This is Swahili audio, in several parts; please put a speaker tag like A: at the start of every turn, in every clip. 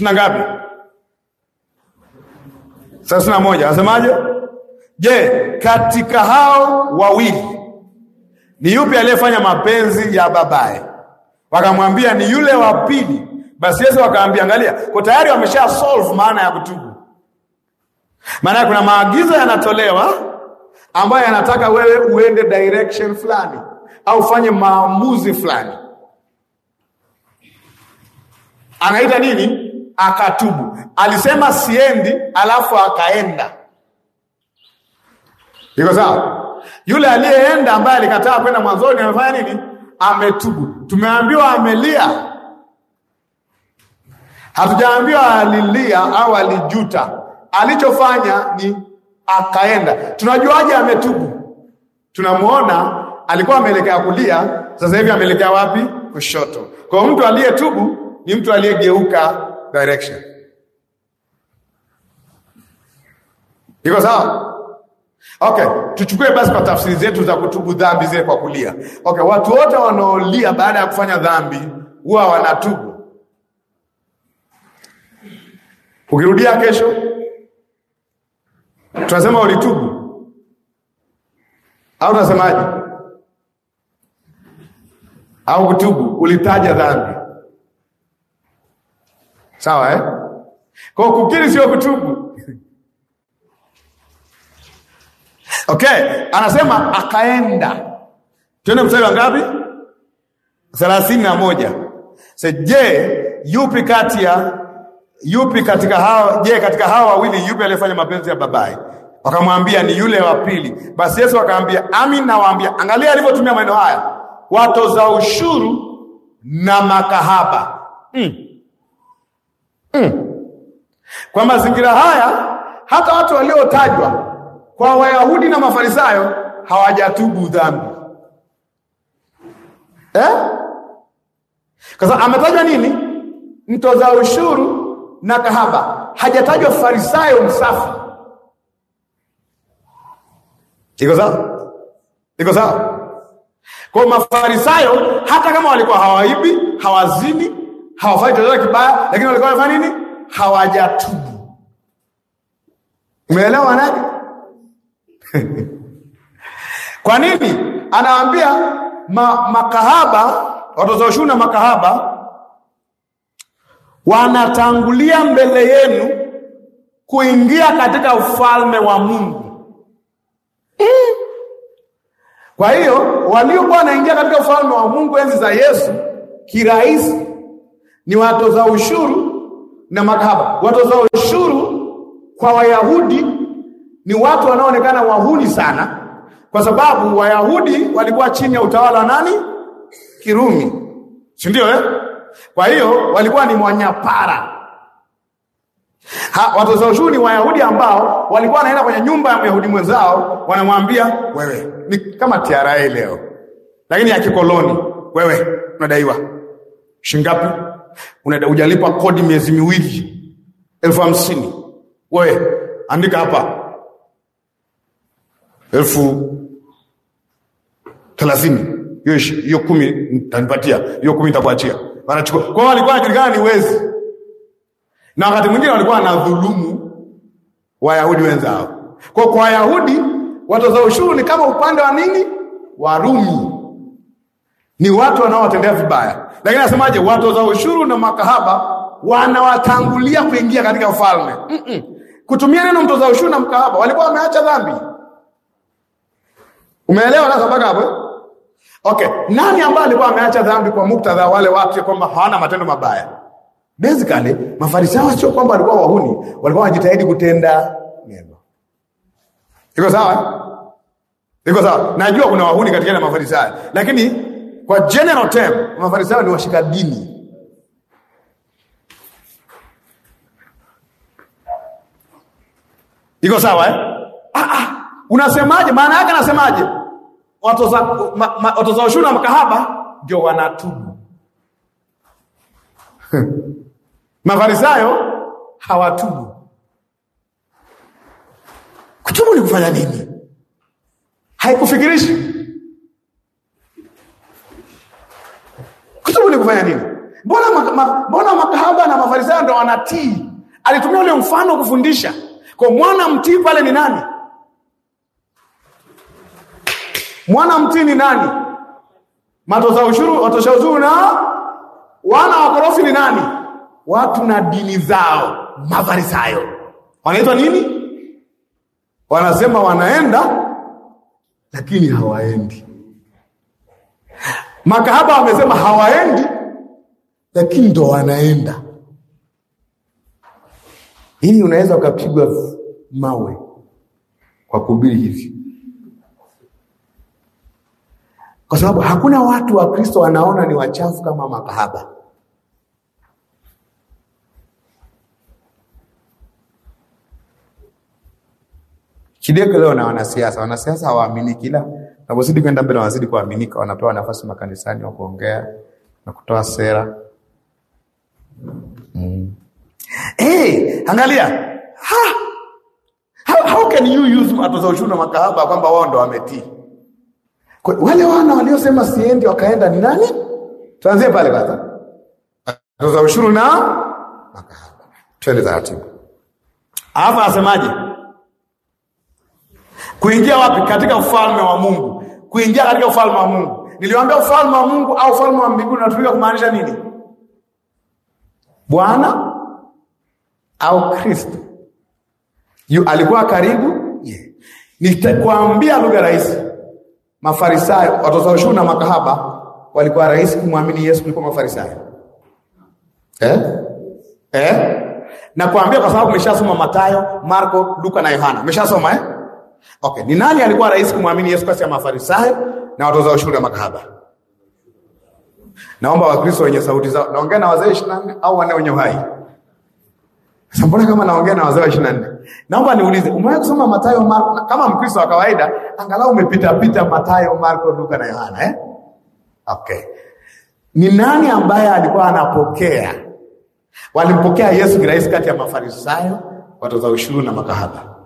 A: Ishirini na ngapi? thelathini na moja. Anasemaje? Je, katika hao wawili ni yupi aliyefanya mapenzi ya babaye? Wakamwambia ni yule wa pili. Basi Yesu akaambia, angalia, kwa tayari wamesha solve maana ya kutubu. Maana kuna maagizo yanatolewa ambayo yanataka wewe uende direction fulani au ufanye maamuzi fulani, anaita nini? akatubu. Alisema siendi, alafu akaenda. Iko sawa? Yule aliyeenda ambaye alikataa kwenda mwanzoni amefanya nini? Ametubu. Tumeambiwa amelia, hatujaambiwa alilia au alijuta. Alichofanya ni akaenda. Tunajuaje ametubu? tunamwona alikuwa ameelekea kulia, sasa hivi ameelekea wapi? Kushoto. Kwa mtu aliyetubu ni mtu aliyegeuka direction. Iko sawa? Okay, tuchukue basi kwa tafsiri zetu za kutubu dhambi zile kwa kulia. Okay, watu wote wanaolia baada ya kufanya dhambi huwa wanatubu. Ukirudia kesho tunasema ulitubu au unasemaje? Au kutubu, ulitaja dhambi Sawa eh? Kwa kukiri sio kutubu. Okay, anasema akaenda. Tuende mstari wa ngapi? thelathini na moja. Sasa je, yupi kati ya yupi katika hao je, katika hao wawili yupi aliyefanya mapenzi ya babaye? Wakamwambia ni yule wa pili. Basi Yesu akaambia, amin nawaambia. Angalia alivyotumia maneno haya, watoza ushuru na makahaba mm mm. Kwa mazingira haya hata watu waliotajwa kwa Wayahudi na Mafarisayo hawajatubu dhambi eh? Kasa ametajwa nini? Mtoza ushuru na kahaba, hajatajwa farisayo msafi. Iko sawa? Iko sawa? Kwa mafarisayo hata kama walikuwa hawaibi, hawazidi, hawafai chochote kibaya, lakini walikuwa wanafanya nini? Hawajatubu. Umeelewa nani? Kwa nini anawambia ma, makahaba watoza ushuru na makahaba wanatangulia mbele yenu kuingia katika ufalme wa Mungu. Kwa hiyo waliokuwa wanaingia katika ufalme wa Mungu enzi za Yesu kirahisi ni watoza ushuru na makahaba. Watoza ushuru kwa Wayahudi ni watu wanaoonekana wahuni sana, kwa sababu Wayahudi walikuwa chini ya utawala wa nani? Kirumi, si ndio eh? Kwa hiyo walikuwa ni mwanyapara. Ha, watoza ushuru ni Wayahudi ambao walikuwa wanaenda kwenye nyumba ya Myahudi mwenzao, wanamwambia wewe ni kama TRA leo, lakini ya kikoloni, wewe unadaiwa shingapi? hujalipa kodi miezi miwili elfu hamsini wewe andika hapa elfu thelathini hiyo kumi nitanipatia, hiyo kumi nitakuachia. Wanachukua kwao, walikuwa wanajulikana ni wezi, na wakati mwingine walikuwa wanadhulumu Wayahudi wenzao. Kwa kwa Wayahudi watoza ushuru ni kama upande wa nini, Warumi ni watu wanaowatendea vibaya, lakini anasemaje? Watoza ushuru na makahaba wanawatangulia kuingia katika ufalme. mm -mm. Kutumia neno mtoza ushuru na mkahaba, walikuwa wameacha dhambi. Umeelewa sasa mpaka hapo? Eh? Okay, nani ambaye alikuwa ameacha dhambi kwa muktadha wale watu kwamba hawana matendo mabaya? Basically, Mafarisayo sio kwamba walikuwa wahuni, walikuwa wanajitahidi kutenda mema. Iko sawa? Eh? Iko sawa. Najua kuna wahuni katika na Mafarisayo, lakini kwa general term Mafarisayo ni washika dini. Iko sawa eh? Ah, ah, unasemaje? Maana yake anasemaje? Watoza ma, ma, watoza ushuru na makahaba ndio wanatubu. Mafarisayo hawatubu. Kutubu ni kufanya nini? Haikufikirishi kufanya nini? Mbona mbona makahaba na mafarisayo ndo wanatii? Alitumia ule mfano kufundisha. Kwa mwana mtii pale ni nani? Mwana mtii ni nani? Matoza ushuru, watosha ushuru na wana wakorofi ni nani? Watu na dini zao, mafarisayo. Wanaitwa nini? Wanasema wanaenda lakini hawaendi. Makahaba wamesema hawaendi, lakini ndo wanaenda hii. Unaweza ukapigwa mawe kwa kuhubiri hivi, kwa sababu hakuna watu wa Kristo wanaona ni wachafu kama makahaba. Kideko leo na wanasiasa, wanasiasa hawaaminiki, ila napozidi kwenda mbele wanazidi kuaminika, wanapewa nafasi makanisani wa kuongea na kutoa sera. Mm. hey, angalia ha! How, how can you use ushuru na makahaba kwamba wao ndo wametii wale wana waliosema siendi wakaenda ni nani? Tuanzie pale kwanza. Atoza ushuru na makahaba, twende taratibu. Alafu anasemaje? Kuingia wapi? Katika ufalme wa Mungu. Kuingia katika ufalme wa Mungu, niliwaambia ufalme wa Mungu au ufalme wa mbinguni unatumika kumaanisha nini? Bwana au Kristo? Yu alikuwa karibu yeah. Nitakwambia lugha rahisi, Mafarisayo, watoza ushuru na makahaba walikuwa rahisi kumwamini Yesu kuliko Mafarisayo eh? Eh? Nakwambia kwa sababu umeshasoma Mathayo, Marko, Luka na Yohana, umeshasoma eh? Okay, ni nani alikuwa rahisi kumwamini Yesu kati ya Mafarisayo na watoza ushuru na makahaba? Naomba Wakristo wenye sauti zao. Naongea na wazee 24 au wanao wenye uhai? Sasa mbona kama naongea na wazee wa 24? Naomba niulize, umewahi kusoma Mathayo, Marko? Kama Mkristo wa kawaida, angalau umepita pita Mathayo, Marko, Luka na Yohana, eh? Okay. Ni nani ambaye alikuwa anapokea? Walimpokea Yesu kirahisi kati ya Mafarisayo, watoza ushuru na makahaba.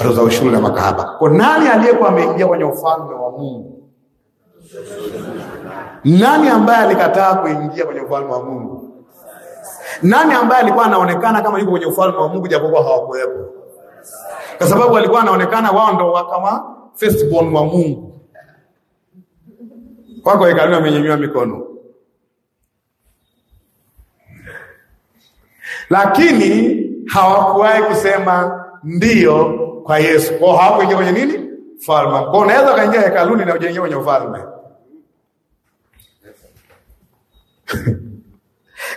A: Watoza ushuru na makahaba. Kwa nani aliyekuwa ameingia kwenye ufalme wa Mungu? Nani ambaye alikataa kuingia kwenye ufalme wa Mungu? Nani ambaye alikuwa anaonekana kama yuko kwenye ufalme wa Mungu japokuwa hawakuwepo? Kwa sababu alikuwa anaonekana wao ndo kama firstborn wa Mungu. Wako hekaluni wamenyanyua mikono, lakini hawakuwahi kusema ndiyo kwa Yesu. Kwao hawakuingia kwenye nini? Falma. Kwao unaweza ukaingia hekaluni na ujaingia kwenye ufalme.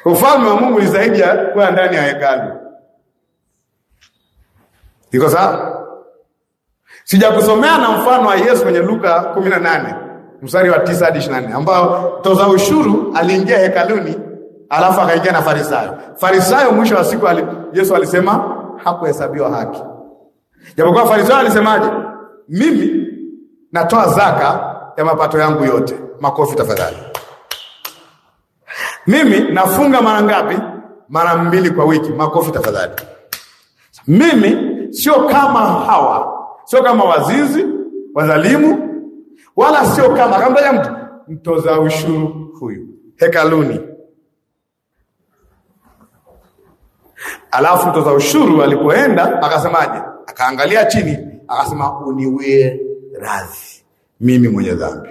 A: Ufalme wa Mungu ni zaidi ya kuwa ndani ya hekalu. Iko sawa? Sijakusomea na mfano wa Yesu kwenye Luka kumi na nane mstari wa tisa hadi 24, ambao toza ushuru aliingia hekaluni alafu akaingia na Farisayo. Farisayo mwisho wa siku ali, Yesu alisema hakuhesabiwa haki, japokuwa Farisayo alisemaje? Mimi natoa zaka ya mapato yangu yote. Makofi tafadhali. Mimi nafunga mara ngapi? Mara mbili kwa wiki. Makofi tafadhali. Mimi sio kama hawa, sio kama wazizi, wadhalimu, wala sio kama akamtaja mtu mtoza ushuru huyu hekaluni. Alafu mtoza ushuru alipoenda akasemaje? Akaangalia chini akasema, uniwie radhi mimi mwenye dhambi.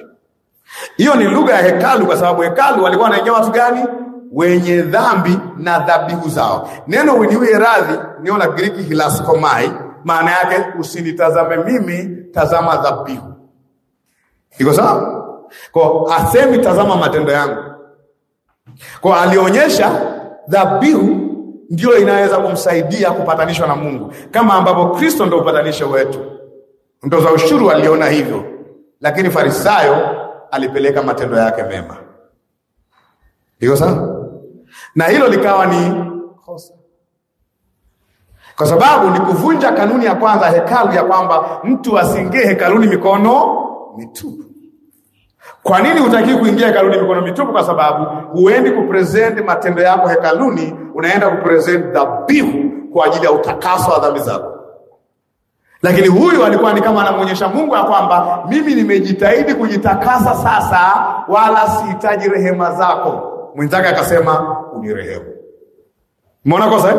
A: Hiyo ni lugha ya hekalu, kwa sababu hekalu walikuwa wanaingia watu gani? Wenye dhambi na dhabihu zao. Neno uniwie radhi, neno la Kigiriki hilaskomai, maana yake usinitazame mimi, tazama dhabihu. Iko sawa? Kwa asemi tazama matendo yangu. Kwa alionyesha dhabihu ndio inaweza kumsaidia kupatanishwa na Mungu, kama ambapo Kristo ndio upatanisho wetu. Mtoza ushuru aliona hivyo, lakini Farisayo alipeleka matendo yake mema. Iko sawa? Na hilo likawa ni kosa, kwa sababu ni kuvunja kanuni ya kwanza hekalu, ya kwamba mtu asiingie hekaluni mikono mitupu. Kwa nini hutaki kuingia hekaluni mikono mitupu? Kwa sababu huendi kupresent matendo yako hekaluni, unaenda kupresent dhabihu kwa ajili ya utakaso wa dhambi zako. Lakini huyu alikuwa ni kama anamwonyesha Mungu ya kwamba mimi nimejitahidi kujitakasa sasa, wala sihitaji rehema zako. Mwenzake akasema unirehemu. Umeona kosa eh?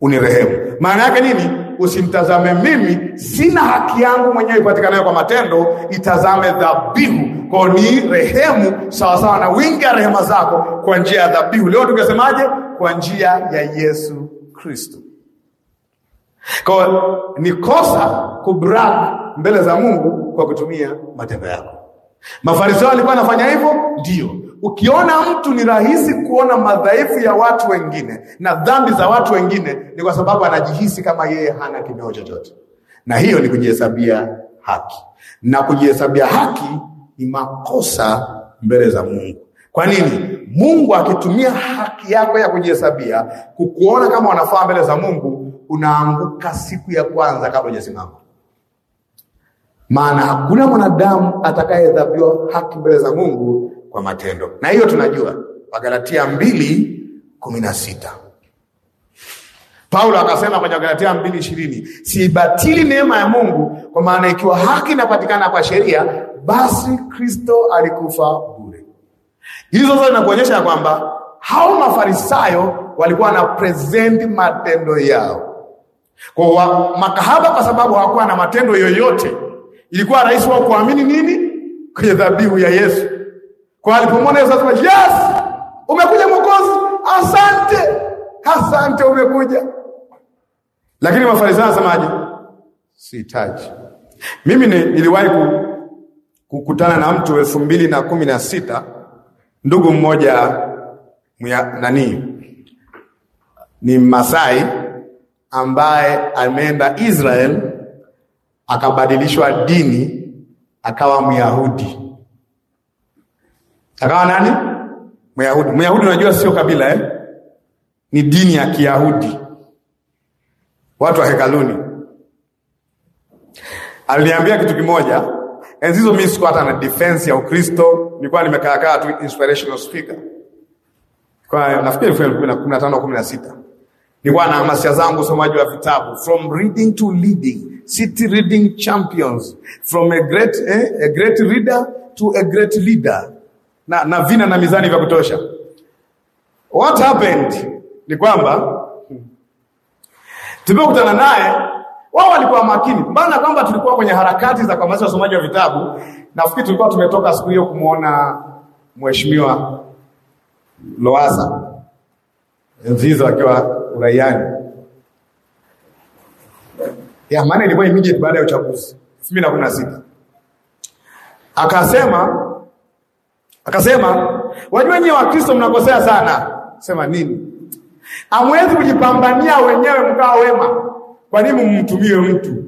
A: Unirehemu maana yake nini? Usimtazame mimi, sina haki yangu mwenyewe ipatikanayo kwa matendo, itazame dhabihu. Kwa ni rehemu sawasawa na wingi ya rehema zako, kwa njia ya dhabihu. Leo tukasemaje? Kwa njia ya Yesu Kristo. Kwa ni kosa kubrag mbele za Mungu kwa kutumia matendo yako. Mafarisayo walikuwa wanafanya hivyo, ndio. Ukiona mtu ni rahisi kuona madhaifu ya watu wengine na dhambi za watu wengine, ni kwa sababu anajihisi kama yeye hana kimeo chochote, na hiyo ni kujihesabia haki, na kujihesabia haki ni makosa mbele za Mungu. Kwa nini? Mungu akitumia haki yako ya kujihesabia kukuona kama wanafaa mbele za Mungu unaanguka siku ya kwanza kabla hujasimama. Maana hakuna mwanadamu atakayehesabiwa haki mbele za Mungu kwa matendo, na hiyo tunajua Wagalatia mbili kumi na sita. Paulo akasema kwenye Wagalatia mbili ishirini, siibatili neema ya Mungu, kwa maana ikiwa haki inapatikana kwa sheria, basi Kristo alikufa bure. Hizo zote zinakuonyesha ya kwamba hao Mafarisayo walikuwa na present matendo yao kwa makahaba, kwa sababu hawakuwa na matendo yoyote, ilikuwa rahisi wao kuamini nini kwenye dhabihu ya Yesu. Kwa alipomwona Yesu akasema, yes, umekuja Mwokozi, asante, asante, umekuja. Lakini Mafarisayo wanasemaje? Sihitaji mimi. Niliwahi kukutana na mtu elfu mbili na kumi na sita ndugu mmoja mya, nani ni Masai ambaye ameenda Israel akabadilishwa dini akawa Myahudi. Akawa nani? Myahudi. Myahudi unajua sio kabila eh? Ni dini ya Kiyahudi, watu wa hekaluni. Aliniambia kitu kimoja, enzi hizo mimi sikuwa hata na defense ya Ukristo, nilikuwa nimekaakaa tu inspirational speaker kwa nafikiri elfu mbili kumi na tano kumi na sita
B: Nilikuwa na hamasisha zangu usomaji
A: wa vitabu from reading to leading, city reading champions from a great, eh, a great reader to a great leader, na, na vina na mizani vya kutosha. What happened ni kwamba tulipokutana naye wao walikuwa makini mbana kwamba tulikuwa kwenye harakati za kuhamasisha usomaji wa vitabu. Nafikiri tulikuwa tumetoka siku hiyo kumwona mheshimiwa Loasa Nzizo akiwa uraiani. Ya maana ilikuwa immediate baada ya uchaguzi 2016. Akasema akasema wajua nyinyi Wakristo mnakosea sana. Sema nini? Hamwezi kujipambania wenyewe mkawa wema. Kwa nini mmtumie mtu?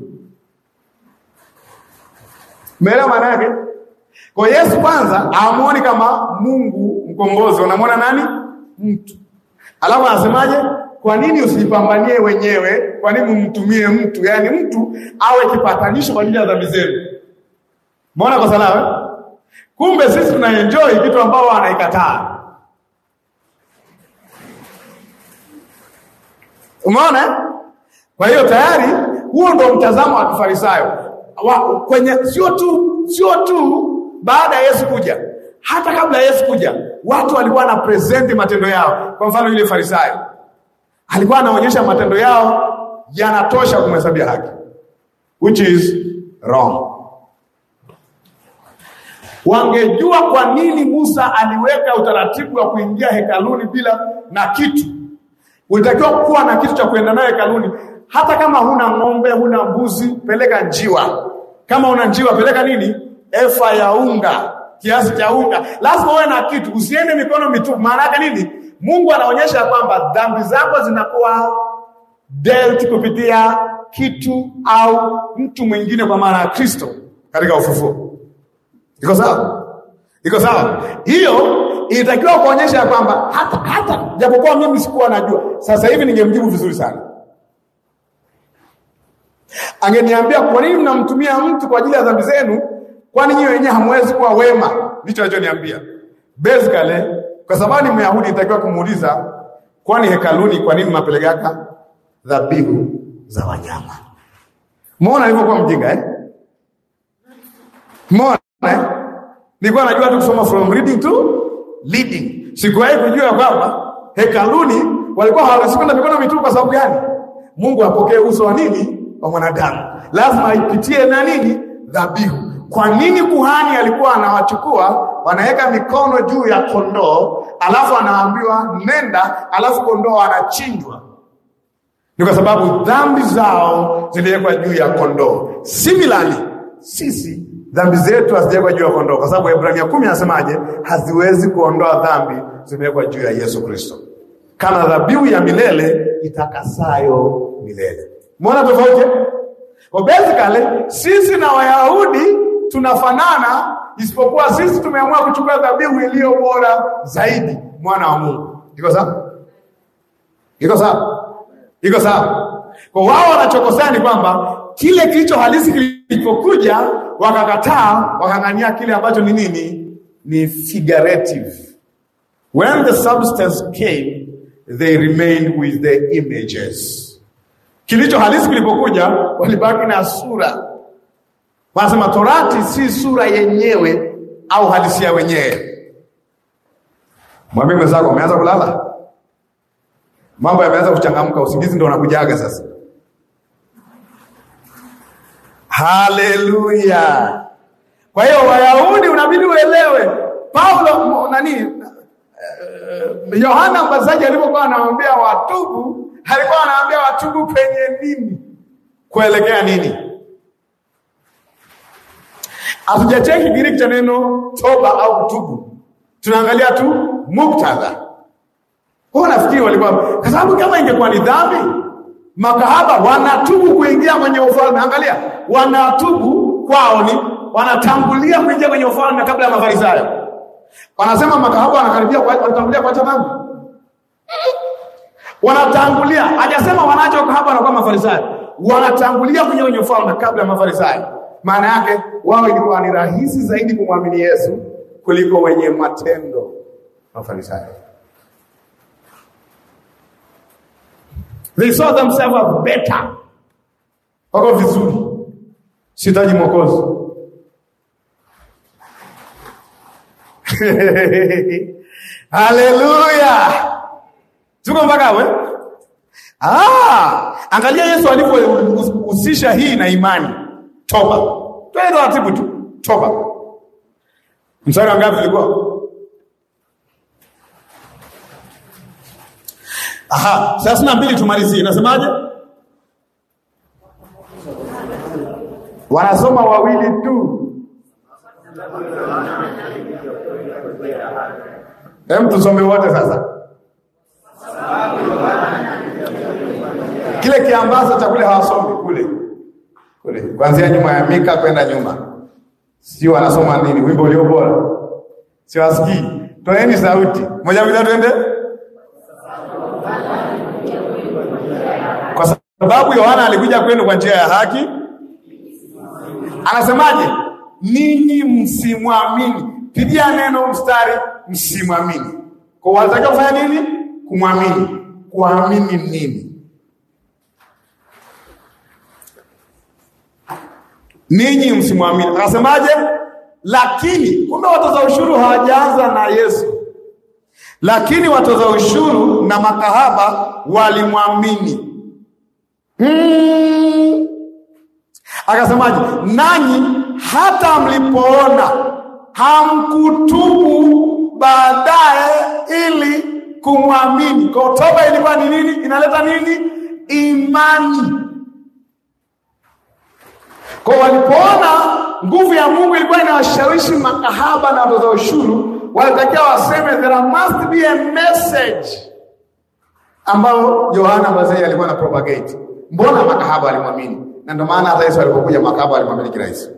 A: Mela maana yake? Kwa Yesu kwanza amuoni kama Mungu mkombozi, unamwona nani? Mtu. Alafu anasemaje? Kwa nini usipambanie wenyewe? Kwa nini mtumie mtu, yaani mtu awe kipatanisho kwa ajili ya dhambi zenu? Umeona kosa lao? Eh? Kumbe sisi tuna enjoy kitu ambao anaikataa. Umeona? Eh? Kwa hiyo tayari huo ndo mtazamo wa Kifarisayo. Kwenye sio tu sio tu baada ya Yesu kuja, hata kabla ya Yesu kuja, watu walikuwa na present matendo yao. Kwa mfano yule Farisayo alikuwa anaonyesha matendo yao yanatosha kumhesabia haki, which is wrong. Wangejua kwa nini Musa aliweka utaratibu wa kuingia hekaluni bila na kitu. Ulitakiwa kuwa na kitu cha kuenda nayo hekaluni, hata kama huna ng'ombe, huna mbuzi, peleka njiwa. Kama una njiwa, peleka nini, efa ya unga, kiasi cha unga. Lazima uwe na kitu, usiende mikono mitupu. Maana yake nini? Mungu anaonyesha kwamba dhambi zako zinakuwa dealt kupitia kitu au mtu mwingine kwa maana ya Kristo katika ufufuo. Iko sawa? Iko sawa? Hiyo ilitakiwa kuonyesha kwamba hata hata japokuwa mimi sikuwa najua. Sasa hivi ningemjibu vizuri sana. Angeniambia kwa nini mnamtumia mtu kwa ajili ya dhambi zenu? Kwani nyinyi wenyewe hamwezi kuwa wema? Ndicho anachoniambia. Basically kwa zamani Myahudi itakiwa kumuuliza kwani hekaluni kwa nini mnapelekaka dhabihu za wanyama? Muona alivyokuwa mjinga eh? Muona eh? Nilikuwa najua tu kusoma from reading to leading. Sikuwahi kujua kwamba hekaluni walikuwa hawasikwenda mikono mitupu kwa sababu gani? Mungu apokee uso wa nini wa mwanadamu. Lazima ipitie na nini? Dhabihu. Kwa nini kuhani alikuwa anawachukua wanaweka mikono juu ya kondoo, alafu anaambiwa nenda, alafu kondoo anachinjwa. Ni kwa sababu dhambi zao ziliwekwa juu ya kondoo. Similarly, sisi dhambi zetu hazijawekwa juu ya kondoo, kwa sababu Ibrania kumi anasemaje? Haziwezi kuondoa dhambi, zimewekwa juu ya Yesu Kristo kama dhabihu ya milele itakasayo milele. mwona tofauti? Kwa basically sisi na Wayahudi tunafanana isipokuwa sisi tumeamua kuchukua dhabihu iliyo bora zaidi, mwana wa Mungu. Iko sawa? Iko sawa? Iko sawa? Kwa wao wanachokosea ni kwamba kile kilicho halisi kilipokuja wakakataa, wakang'ania kile ambacho ni nini? Ni figurative. When the substance came, they remained with the images. Kilicho halisi kilipokuja walibaki na sura Wanasema Torati si sura yenyewe au halisia wenyewe. Mwambie mwenzako umeanza kulala, mambo yameanza kuchangamka, usingizi ndio unakujaga sasa. Haleluya! Kwa hiyo Wayahudi unabidi uelewe Paulo nani eh, Yohana Mbatizaji alipokuwa anawaambia watubu, alikuwa anawaambia watubu penye nini? Kuelekea nini? hatujacheki Kigiriki cha neno toba au kutubu, tunaangalia tu muktadha. Kwa nafikiri walikuwa kwa sababu, kama ingekuwa ni dhambi, makahaba wanatubu kuingia kwenye ufalme. Angalia, wanatubu kwao ni wanatangulia kuingia kwenye ufalme kabla ya Mafarisayo. Wanasema makahaba wanakaribia, wanatangulia kuacha dhambi wanatangulia hajasema wanacho kahaba na kwa Mafarisayo, wanatangulia kuingia kwenye ufalme kabla ya Mafarisayo. Maana yake wao ilikuwa ni rahisi zaidi kumwamini Yesu kuliko wenye matendo mafarisayo Farisayo. They saw themselves as better. Wako vizuri. Sitaji mwokozi. Haleluya. Tuko mpaka hapo? Ah, angalia Yesu alivyohusisha hii na imani toba. Twende taratibu tu, toba. Mstari wa ngapi ulikuwa? Aha, thelathini na mbili tumalizie. Nasemaje? Wanasoma wawili tu. Hem, tusome wote sasa. Kile kiambazo cha kule hawasomi kule kule. Kuanzia nyuma ya Mika kwenda nyuma. si wanasoma nini? Wimbo ulio bora. si wasikii? Toeni sauti. Moja bila twende. Kwa sababu Yohana alikuja kwenu kwa njia ya haki. Anasemaje? Ninyi msimwamini. Pidia neno mstari msimwamini. Kwa wanataka kufanya nini? Kumwamini. Kuamini nini? ninyi msimwamini. Akasemaje? Lakini kumbe watoza ushuru hawajaanza na Yesu, lakini watoza ushuru na makahaba walimwamini. Hmm. Akasemaje? Nanyi hata mlipoona hamkutubu baadaye ili kumwamini. Kwa toba ilikuwa ni nini? Inaleta nini? Imani. Kwa walipoona nguvu ya Mungu ilikuwa inawashawishi makahaba na watoza ushuru, walitakiwa waseme there must be a message ambayo Yohana mzee alikuwa na propagate. Mbona makahaba walimwamini? Na ndio maana hata Yesu alipokuja makahaba walimwamini kirahisi.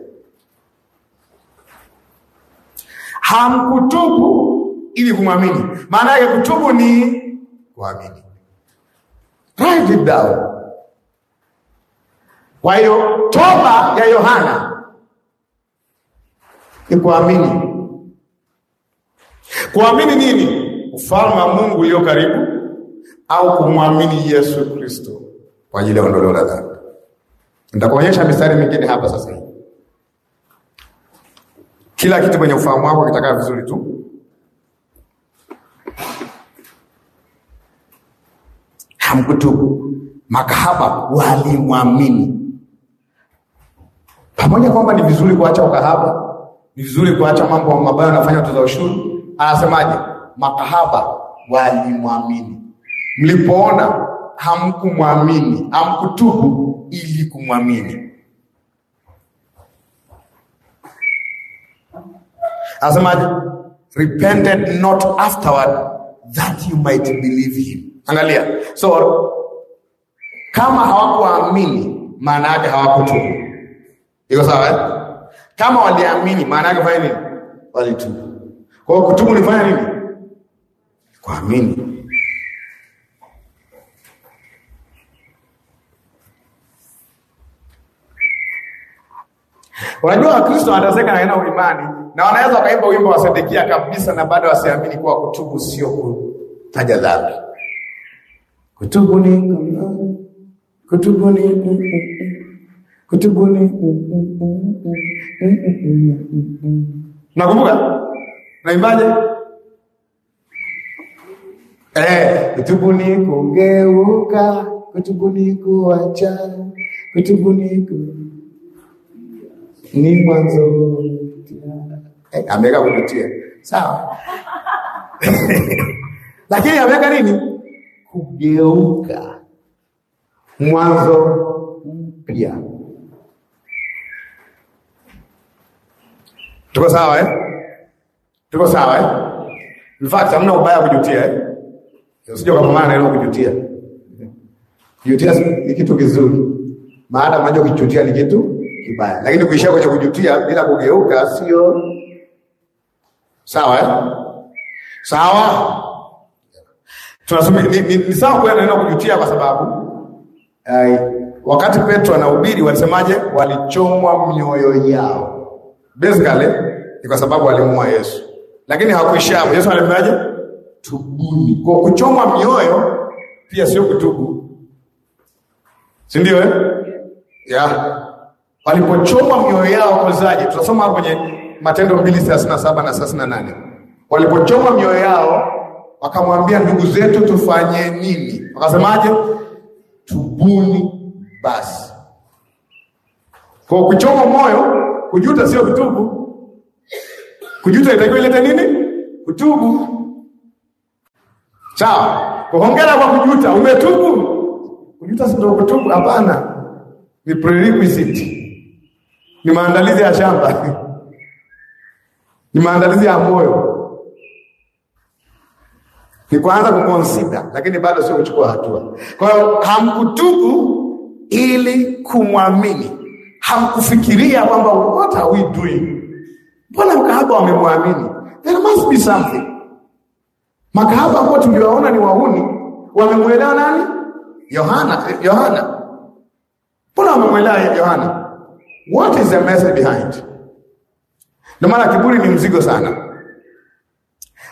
A: Hamkutubu ili kumwamini, maana yake kutubu ni kuamini. Write it down. Kwa hiyo toba ya Yohana ni kuamini. Kuamini nini? Ufalme wa Mungu ulio karibu, au kumwamini Yesu Kristo kwa ajili ya ondoleo la dhambi. Nitakuonyesha mistari mingine hapa sasa. Kila kitu kwenye ufahamu wako kitakaa vizuri tu. Hamkutubu, makahaba walimwamini pamoja kwamba ni vizuri kuacha ukahaba, ni vizuri kuacha mambo mabaya anafanya watoza ushuru, anasemaje? Makahaba walimwamini, mlipoona hamkumwamini, hamkutubu ili kumwamini. Anasemaje? repented not afterward that you might believe him. Angalia, so kama hawakuamini, maana yake hawakutubu Iko sawa eh? Kama waliamini, maana yake fanya nini? Walitubu. Kwa hiyo kutubu ni fanya nini? Kuamini. Unajua Wakristo wanateseka na ina imani na wanaweza wakaimba wimbo wa Sedekia kabisa na bado wasiamini kuwa kutubu sio kutaja dhambi. Kutubu ni kutubu ni Kutibu ni nakumbuka naimbaje? Eh, kutibu kugeuka, kutibu ni kuacha, kutibu ni ku ni mwanzo. Eh, ameweka kupitia sawa, lakini ameweka nini? Kugeuka, mwanzo mpya Tuko sawa eh? Tuko sawa eh? In fact hamna ubaya kujutia eh? Usije kama maana ile kujutia. Kujutia ni kitu kizuri. Maana mwanzo kujutia ni kitu kibaya. Lakini kuishia kwa kujutia bila kugeuka sio sawa eh? Sawa? Tunasema ni, ni, ni sawa kwa neno kujutia kwa sababu ai eh, wakati Petro anahubiri walisemaje? Walichomwa mioyo yao. Basically ni kwa sababu alimuua Yesu, lakini hakuishia hapo. Yesu alimwaje? Tubuni. Kwa kuchoma mioyo pia sio kutubu, si ndio eh? Yeah. Walipochoma mioyo yao kozaje tutasoma hapo kwenye Matendo mbili na saba na nane Walipochoma mioyo yao wakamwambia ndugu zetu tufanye nini? Wakasemaje? Tubuni basi. Kwa kuchoma moyo Kujuta sio kutubu. Kujuta itakiwa ilete nini? Kutubu. Sawa. Kuhongera kwa kujuta, umetubu? Kujuta sio ndio kutubu? Hapana. Ni prerequisite. Ni maandalizi ya shamba. Ni maandalizi ya moyo. Ni kwanza kukonsida, lakini bado sio kuchukua hatua. Kwa hiyo hamkutubu ili kumwamini hamkufikiria kwamba what are we doing? Mbona makahaba wamemwamini? There must be something. Makahaba ambao tuliwaona ni wahuni wamemwelewa nani? Yohana, Yohana. Mbona wamemwelewa Yohana? What is the message behind? Ndio maana kiburi ni mzigo sana.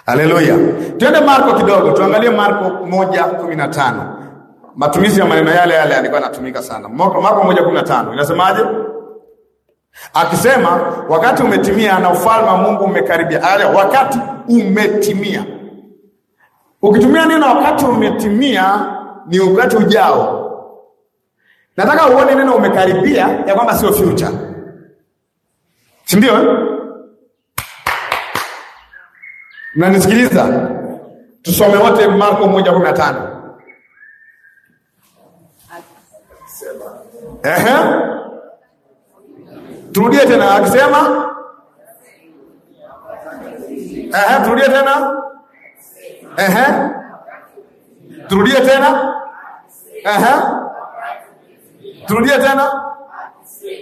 A: Haleluya. Twende Marko kidogo, tuangalie Marko moja kumi na tano matumizi ya maneno yale yale yalikuwa yanatumika sana. Marko moja kumi na tano inasemaje? Akisema wakati umetimia na ufalme wa Mungu umekaribia. Ale, ah, wakati umetimia, ukitumia neno wakati umetimia ni wakati ujao. Nataka uone neno umekaribia ya kwamba sio future, si ndio? Eh? Mnanisikiliza? Tusome wote Marko moja kumi na tano. Ehe, turudie tena akisema. Ehe, turudie tena. Ehe, turudie tena. Ehe, turudie tena.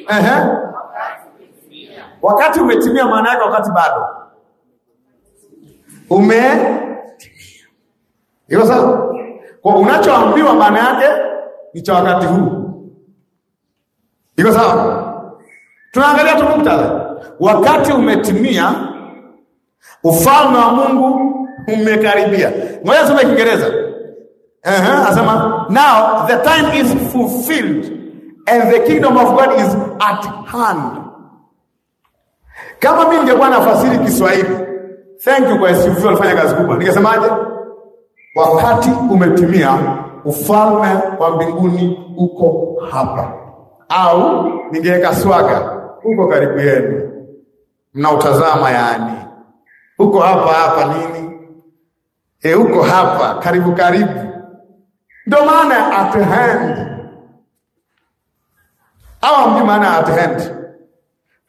A: Ehe, wakati umetimia, maana yake wakati bado ume Hiyo kwa unachoambiwa maana yake ni cha wakati huu Iko sawa? Tunaangalia tu muktadha, wakati umetimia, ufalme wa Mungu umekaribia. Ngoja soma Kiingereza. uh -huh, asema now the time is fulfilled and the kingdom of God is at hand. Kama mimi ningekuwa nafasiri Kiswahili, thank you kwa SUV walifanya kazi kubwa, ningesemaje? Wakati umetimia, ufalme wa mbinguni uko hapa au ningeweka swaga huko karibu yenu, mnautazama yaani, huko hapa hapa nini e, huko hapa karibu karibu, ndio maana at hand au mji maana at hand,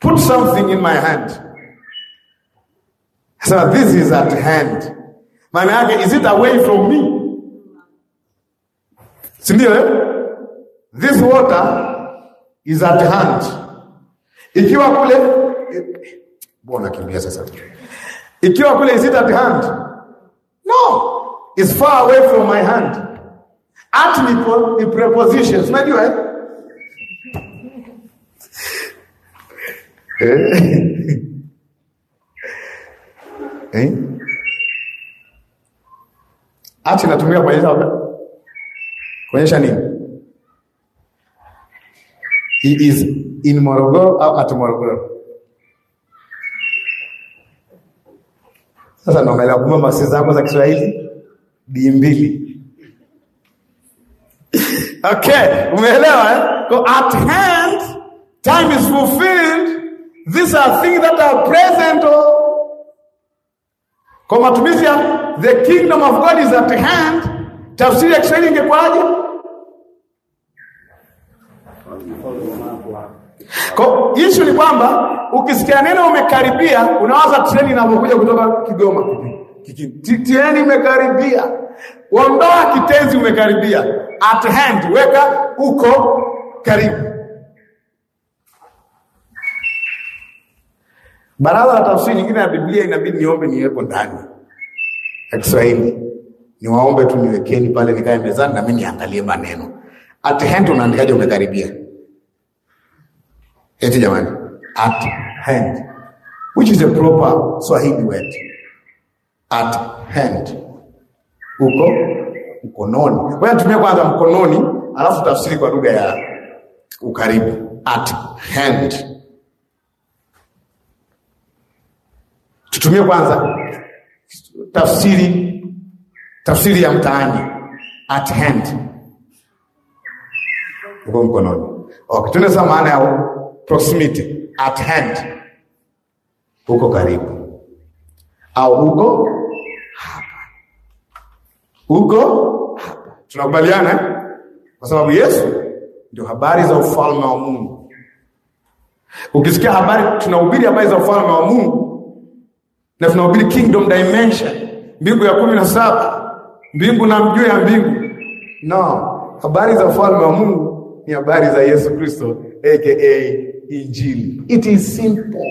A: put something in my hand. So this is at hand, maana yake is it away from me, sindio? Eh? This water is at hand. Ikiwa kule mbona eh, kimbia sasa, ikiwa kule is it at hand? No, it's far away from my hand. At ni, ni prepositions unajua eh? eh? Eh? Ati natumia kuonyesha kuonyesha nini? He is in Morogoro au at Morogoro. Sasa naangalia kumbe masi zako za Kiswahili di mbili. Okay, umeelewa eh? Go at hand time is fulfilled. These are things that are present oh. Kwa matumizi ya the kingdom of God is at hand. Tafsiri ya Kiswahili ingekwaje? Kwa issue ni kwamba ukisikia neno umekaribia, unawaza treni inapokuja kutoka Kigoma. Treni imekaribia, wambaa kitenzi umekaribia, at hand, weka uko karibu. Baraza la tafsiri nyingine ya Biblia inabidi niombe niwepo ndani ya Kiswahili, niwaombe tu niwekeni pale nikae mezani na mimi niangalie maneno. At hand unaandikaje umekaribia? Eti jamani, at hand, which is a proper Swahili word, at hand, uko mkononi. Wewe tumia kwanza mkononi, alafu tafsiri kwa lugha ya ukaribu, at hand. Tutumie kwanza tafsiri tafsiri ya mtaani, at hand, uko mkononi. Okay, tuende sasa maana ya proximity, at hand, huko karibu au huko hapa, huko hapa. Tunakubaliana kwa sababu Yesu ndio habari za ufalme wa Mungu. Ukisikia habari, tunahubiri habari za ufalme wa Mungu na tunahubiri kingdom dimension, mbingu ya kumi na saba, mbingu na mjuu ya mbingu. No, habari za ufalme wa Mungu ni habari za Yesu Kristo aka Injili. It is simple.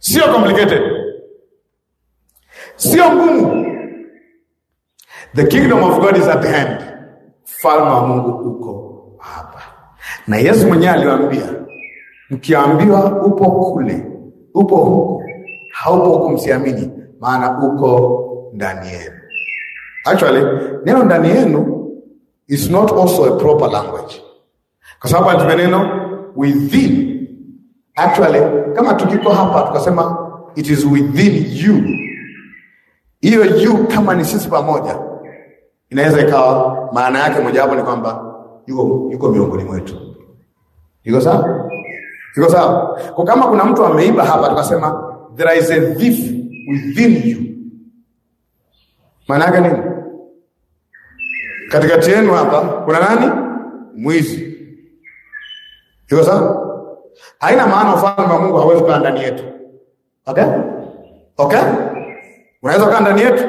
A: Sio complicated. Sio ngumu. The kingdom of God is at hand. Falme wa Mungu uko hapa. Na Yesu mwenyewe aliwaambia, mkiambiwa upo kule, upo huko, haupo huko, msiamini, maana uko ndani yenu. Actually, neno ndani yenu is not also a proper language, kwa sababu alitumia neno within actually, kama tukiko hapa tukasema it is within you, hiyo you kama ni sisi pamoja, inaweza ikawa maana yake mojawapo ni kwamba yuko yuko miongoni mwetu. Iko sawa? Iko sawa? Kwa kama kuna mtu ameiba hapa, tukasema there is a thief within you, maana yake nini? Katikati yenu hapa kuna nani? Mwizi. Iko sawa? Haina maana ufalme wa Mungu hauwezi kuwa ndani yetu. Okay? Okay? Unaweza kuwa ndani yetu?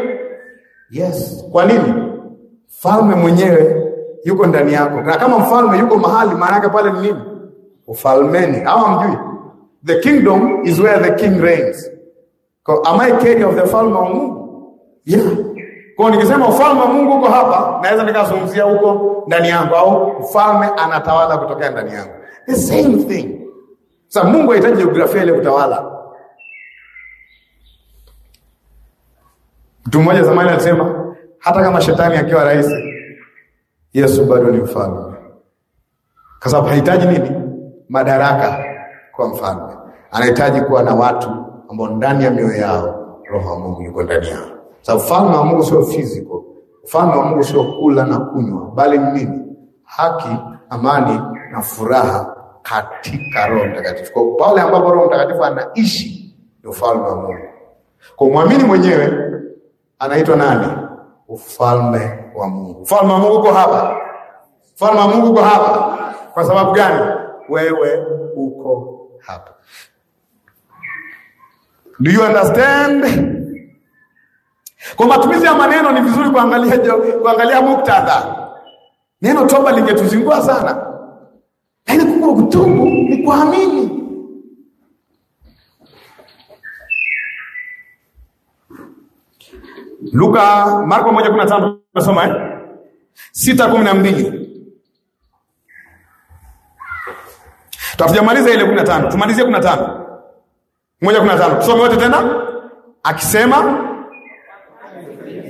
A: Yes. Kwa nini? Falme mwenyewe yuko ndani yako. Na kama mfalme yuko mahali, maana yake pale ni nini? Ufalmeni. Hawa hamjui. The kingdom is where the king reigns. Kwa, am I king of the falme wa Mungu? Yeah. Kwa nikisema ufalme wa Mungu uko hapa, naweza nikazungumzia huko ndani yangu au ufalme anatawala kutokea ndani yangu the same thing. Sa Mungu hahitaji jiografia ile kutawala. Mtu mmoja zamani alisema hata kama shetani akiwa rais, Yesu bado ni mfalme, kwa sababu hahitaji nini madaraka kwa mfalme, anahitaji kuwa na watu ambao ndani ya mioyo yao roho wa Mungu yuko ndani yao. Sababu ufalme wa Mungu sio physical, ufalme wa Mungu sio kula na kunywa, bali ni nini? Haki, amani na furaha katika Roho Mtakatifu. Kwa pale ambapo Roho Mtakatifu anaishi ni ufalme wa Mungu. Kwa mwamini mwenyewe anaitwa nani? Ufalme wa Mungu. Ufalme wa Mungu uko hapa. Ufalme wa Mungu uko hapa. Kwa sababu gani? Wewe uko hapa. Do you understand? Kwa matumizi ya maneno ni vizuri kuangalia kuangalia muktadha. Neno toba lingetuzingua sana. Lakini kwa kutubu ni kuamini. Luka Marko 1:15 nasoma eh? 6:12. Tutafujamaliza ile 15. Tumalizie 15. 1:15. Tusome wote tena? Akisema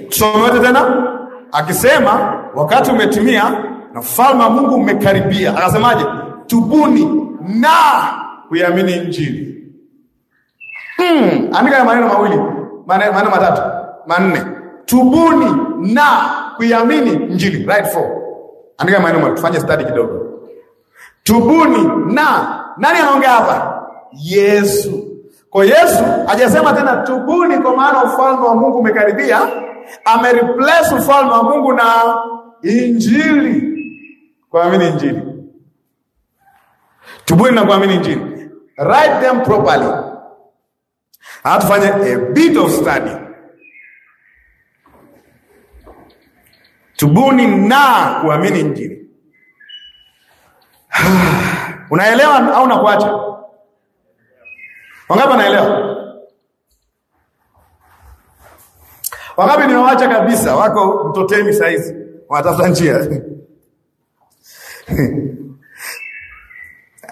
A: Tusome wote tena? Akisema wakati umetimia na ufalme wa Mungu umekaribia. Akasemaje? tubuni na kuiamini Injili. Hmm, andika ya maneno mawili, maneno matatu manne, tubuni na kuiamini Injili. Right for andika maneno mawili, tufanye study kidogo. Tubuni na nani anaongea hapa? Yesu. Kwa Yesu hajasema tena tubuni, kwa maana ufalme wa Mungu umekaribia. Amereplace ufalme wa Mungu na injili, kuamini injili tubuni na kuamini Injili. Write them properly, hatufanye a bit of study. Tubuni na kuamini Injili. Unaelewa au nakuacha? Wangapi wanaelewa? Wangapi nimewacha kabisa? Wako Mtotemi saizi, wanatafuta njia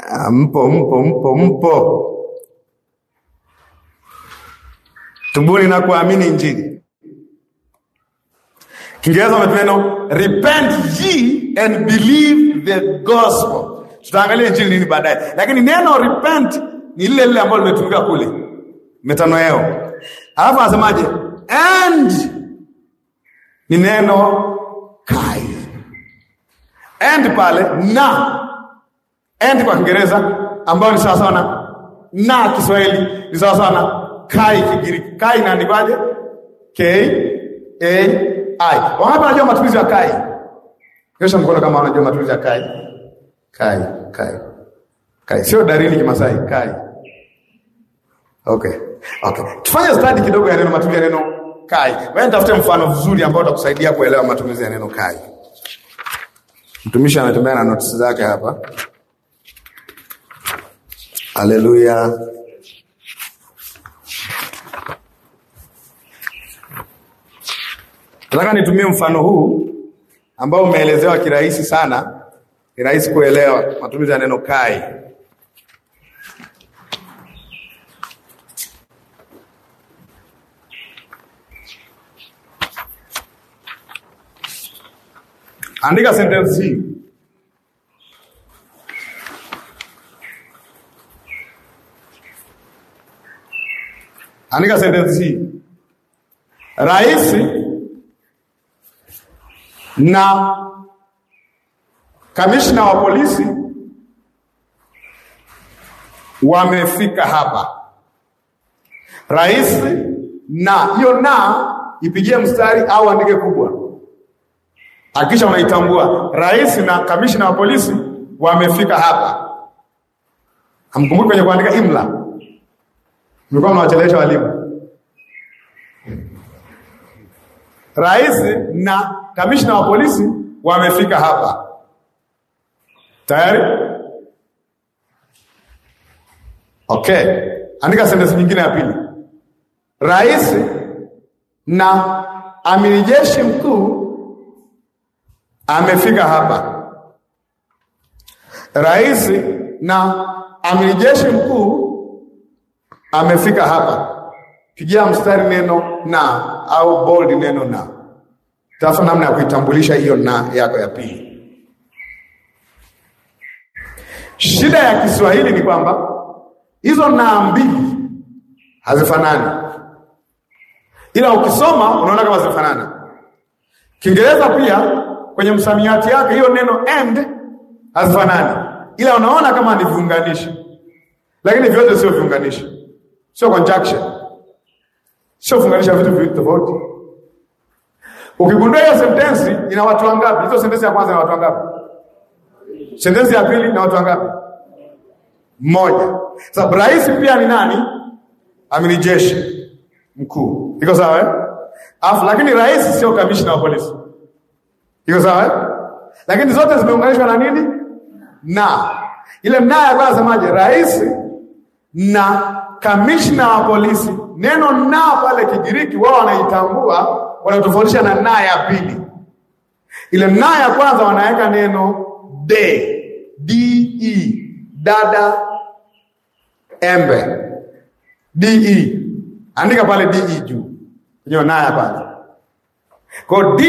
A: Ah, mpo, mpo, mpo, mpo. Tubuni na kuamini Injili. Kiingereza wametumia neno repent ye and believe the gospel. Tutaangalia injili nini baadaye, lakini neno repent ni lile lile ambalo limetumika kule yao. Alafu anasemaje? And ni neno kai, and pale na and kwa Kiingereza ambayo ni sawa sana na Kiswahili ni sawa sawa na kai Kigiriki. Kai inaandikwaje? K A I. Wangapi wanajua matumizi ya kai? Nyosha mkono kama wanajua matumizi ya kai. Kai, kai. Kai sio dalili Kimasai, kai. Okay. Okay. Tufanye study kidogo ya neno matumizi ya neno kai. Wewe nitafute mfano mzuri ambao utakusaidia kuelewa matumizi ya neno kai. Mtumishi anatembea na notes zake hapa. Haleluya. Nataka nitumie mfano huu ambao umeelezewa kirahisi sana, ni rahisi kuelewa matumizi ya neno kai. Andika sentensi hii. Andika sentensi hii. Rais na kamishna wa polisi wamefika hapa. Rais na hiyo na ipigie mstari au andike kubwa. Hakikisha unaitambua. Rais na kamishna wa polisi wamefika hapa. Hamkumbuki kwenye kuandika imla. Mlikuwa mnawachelewesha walimu. Rais na kamishna wa polisi wamefika hapa tayari. Okay, andika sentensi nyingine ya pili. Rais na amiri jeshi mkuu amefika hapa. Rais na amiri jeshi mkuu amefika hapa pigia mstari neno na au bold neno na. Tafuta namna ya kuitambulisha hiyo na yako ya pili. Shida ya Kiswahili ni kwamba hizo na mbili hazifanani, ila ukisoma unaona kama zinafanana. Kiingereza pia kwenye msamiati yake hiyo neno and hazifanani, ila unaona kama ni viunganishi, lakini vyote sio viunganishi, sio conjunction sio funganisha vitu viwili tofauti. Ukigundua hiyo sentensi ina watu wangapi? Hizo sentensi ya kwanza ina watu wangapi? Sentensi ya pili ina watu wangapi? Mmoja. Sasa rais pia ni nani? Amini jeshi mkuu, iko sawa eh? Afu lakini rais sio kamishna wa polisi, iko sawa eh? Lakini zote zimeunganishwa na nini? Na ile mnaya kwa nasemaje? Rais na kamishna wa polisi. Neno na pale Kigiriki wao wanaitambua, wanatofautisha na na ya pili. Ile na ya kwanza wanaweka neno de de, dada embe de, andika pale de juu kwenye na ya pale. Kwa de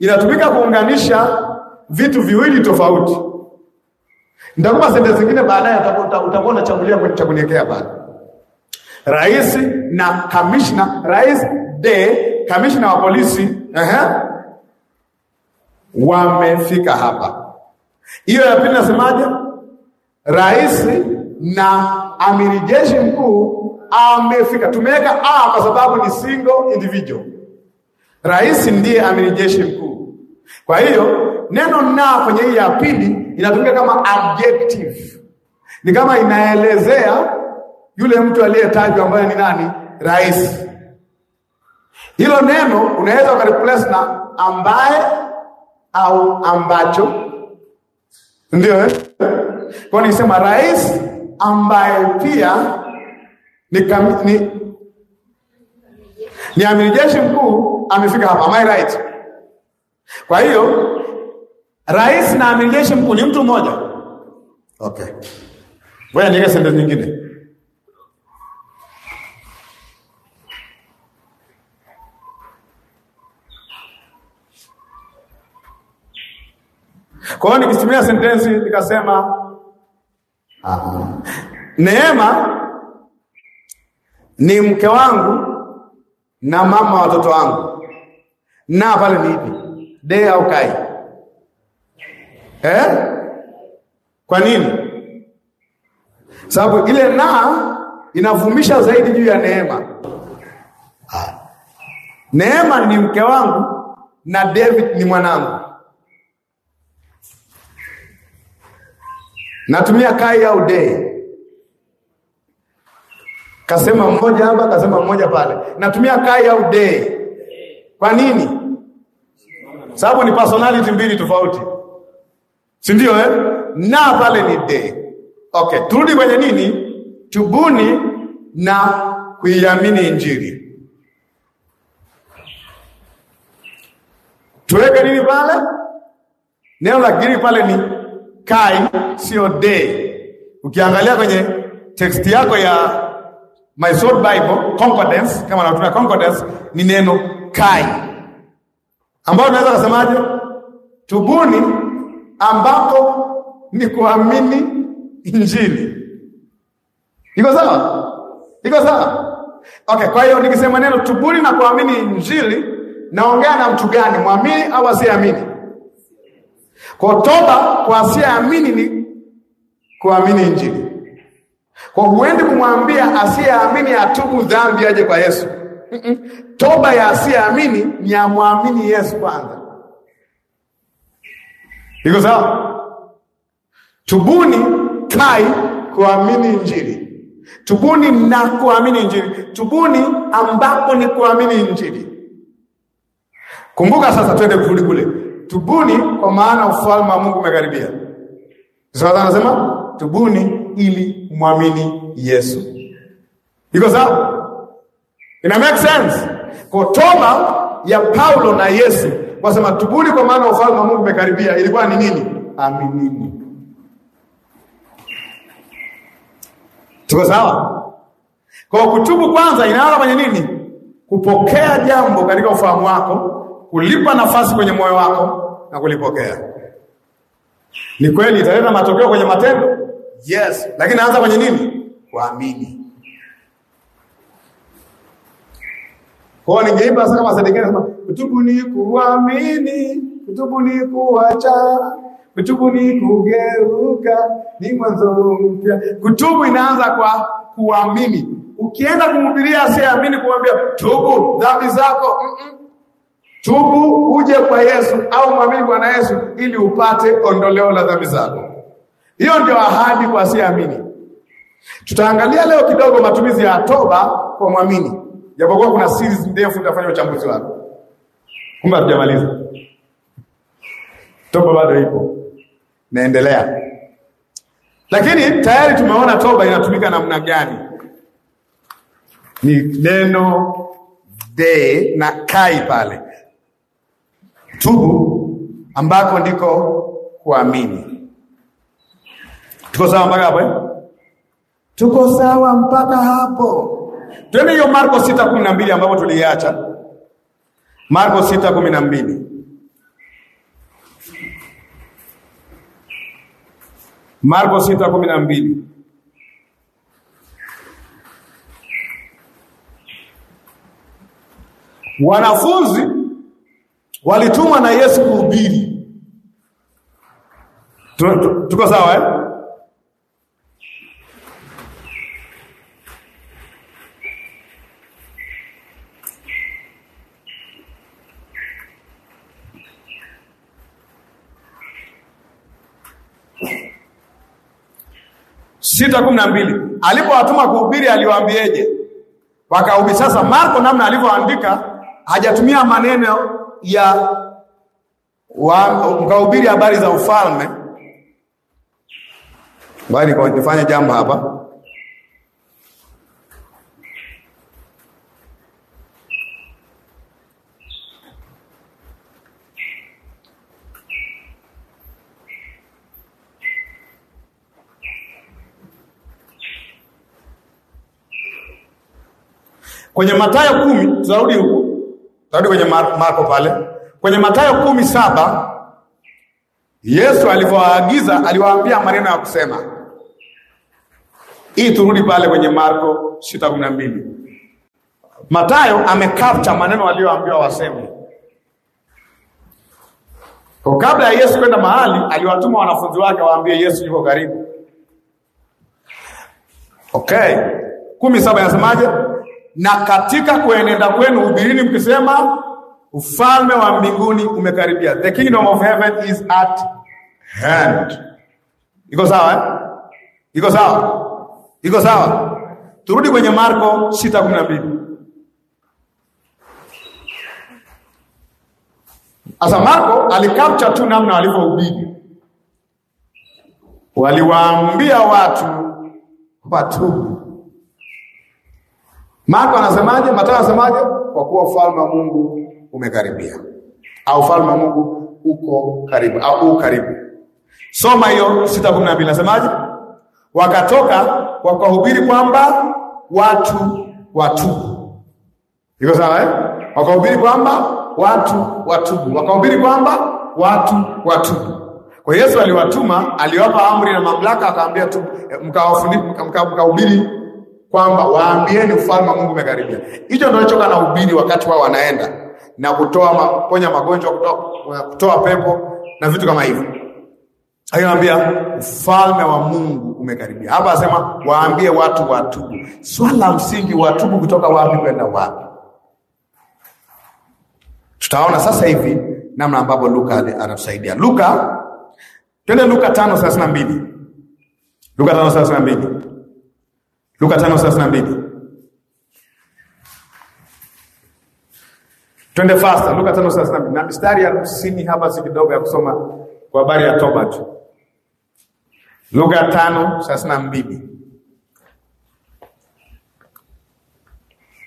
A: inatumika kuunganisha vitu viwili tofauti Nitakupa sentensi zingine baadaye, utakuwa unachagulia kwenye cha pale. Rais na kamishna, rais de kamishna wa polisi wamefika hapa. Hiyo ya pili nasemaje? Rais na amiri jeshi mkuu amefika. Tumeweka a kwa sababu ni single individual. Rais ndiye amiri jeshi mkuu. Kwa hiyo neno na kwenye hii ya pili inatumika kama adjective, ni kama inaelezea yule mtu aliyetajwa ambaye ni nani? Rais. Hilo neno unaweza ukareplace na ambaye au ambacho, ndio eh? Kwa nisema rais ambaye pia ni, kam, ni, ni amiri jeshi mkuu amefika hapa. Am I right? Kwa hiyo Rais na amiri jeshi mkuu ni mtu mmoja. Okay, ngoja niweke sentensi nyingine. Kwa hiyo nikisimamia sentensi nikasema, aha, Neema ni mke wangu na mama watoto wangu, na pale ni ipi? De au kai? eh? Kwa nini? Sababu ile na inavumisha zaidi juu ya neema. Ah. Neema ni mke wangu na David ni mwanangu. Natumia kai au day. Kasema mmoja hapa, kasema mmoja pale. Natumia kai au day. Kwa nini? Sababu ni personality mbili tofauti si ndio eh? na pale ni de. Okay, turudi kwenye nini, tubuni na kuiamini Injili. Tuweke nini pale? Neno la Kigiriki pale ni kai, sio de. Ukiangalia kwenye text yako ya My Soul Bible Concordance, kama natumia concordance, ni neno kai, ambayo unaweza kusemaje? Tubuni ambako ni kuamini Injili. Iko sawa? Iko sawa? Okay, kwa hiyo nikisema neno tubuni na kuamini Injili, naongea na mtu gani, mwamini au asiyeamini? Kwa toba kwa asiyeamini ni kuamini Injili. Kwa huendi kumwambia asiyeamini atubu dhambi aje kwa Yesu. Mm -mm. Toba ya asiyeamini ni amwamini Yesu kwanza. Iko sawa? Tubuni kai kuamini Injili. Tubuni na kuamini Injili. Tubuni ambapo ni kuamini Injili. Kumbuka sasa, twende kurudi kule. Tubuni kwa maana ufalme wa Mungu umekaribia. Sasa anasema tubuni ili mwamini Yesu. Iko sawa? Ina make sense. Kwa toba ya Paulo na Yesu Wasema tubuni kwa maana ufalme wa Mungu umekaribia. Ilikuwa ni nini? Aminini. Tuko sawa? Kwa kutubu kwanza inaanza kwenye nini? Kupokea jambo katika ufahamu wako, kulipa nafasi kwenye moyo wako na kulipokea. Ni kweli italeta matokeo kwenye matendo? Yes, lakini naanza kwenye nini? Kuamini. Kwa hiyo ningeiba sasa kama sadaka nasema kutubu ni kuamini, kutubu ni kuacha, kutubu ni kugeuka, ni mwanzo mpya. Kutubu inaanza kwa kuamini. Ukienda kumhubiria asiyeamini kumwambia tubu dhambi zako, mm -mm. Tubu uje kwa Yesu au mwamini Bwana Yesu ili upate ondoleo la dhambi zako. Hiyo ndio ahadi kwa asiyeamini. Tutaangalia leo kidogo matumizi ya toba kwa mwamini japokuwa kuna series ndefu tutafanya uchambuzi wake. Kumbe hatujamaliza. Toba bado ipo. Naendelea. Lakini tayari tumeona toba inatumika namna gani. Ni neno de na kai pale. Tubu ambako ndiko kuamini. Tuko sawa mpaka hapo eh? Tuko sawa mpaka hapo. Twende hiyo Marko 6:12 kumi na mbili ambapo tuliacha Marko sita kumi na mbili Marko sita kumi na mbili Wanafunzi walitumwa na Yesu kuhubiri. Tuko sawa eh? sita kumi na mbili alipowatuma kuhubiri aliwaambieje? wakaubi Sasa Marko namna alivyoandika hajatumia maneno ya mkahubiri habari za ufalme, bali kwa nifanye jambo hapa Kwenye Mathayo kumi, tunarudi huko, tunarudi kwenye Marko pale, kwenye Mathayo kumi saba Yesu alivyowaagiza aliwaambia maneno ya kusema. Hii turudi pale kwenye Marko sita kumi na mbili. Mathayo amekapcha maneno aliyoambiwa waseme. Kwa kabla ya Yesu kwenda mahali, aliwatuma wanafunzi wake waambie Yesu yuko karibu. Okay, kumi saba inasemaje? na katika kuenenda kwenu hubirini mkisema ufalme wa mbinguni umekaribia, the kingdom of heaven is at hand. Iko sawa eh? Iko sawa, iko sawa. Turudi kwenye Marko 6:12. kumi na mbili. Asa Marko alikapcha tu namna walivyohubiri, waliwaambia watu watubu Marko anasemaje? Mathayo anasemaje? Kwa kuwa ufalme wa Mungu umekaribia, au ufalme wa Mungu uko karibu, au uko karibu. Soma hiyo 6:12 nasemaje? Wakatoka wakahubiri kwamba watu watubu. Iko sawa eh? Wakahubiri kwamba watu watubu, wakahubiri kwamba watu watubu. Kwa Yesu aliwatuma, aliwapa amri na mamlaka, akaambia tu mkawafundishe, mkahubiri kwamba waambieni ufalme wa Mungu umekaribia. Hicho ndio choka na ubiri wakati wao wanaenda na kutoa ponya magonjwa, kutoa, kutoa pepo na vitu kama hivyo. Anambia ufalme wa Mungu umekaribia. Hapa asema waambie watu watubu. Swala msingi, watubu kutoka wapi kwenda wapi? Tutaona sasa hivi namna ambapo Luka anatusaidia. Luka, twende Luka 5:32. Luka 5:32. Luka 5:32. Twende fast Luka 5:32. Na mistari ya 50 hapa si kidogo ya kusoma kwa habari ya toba tu. Luka 5:32.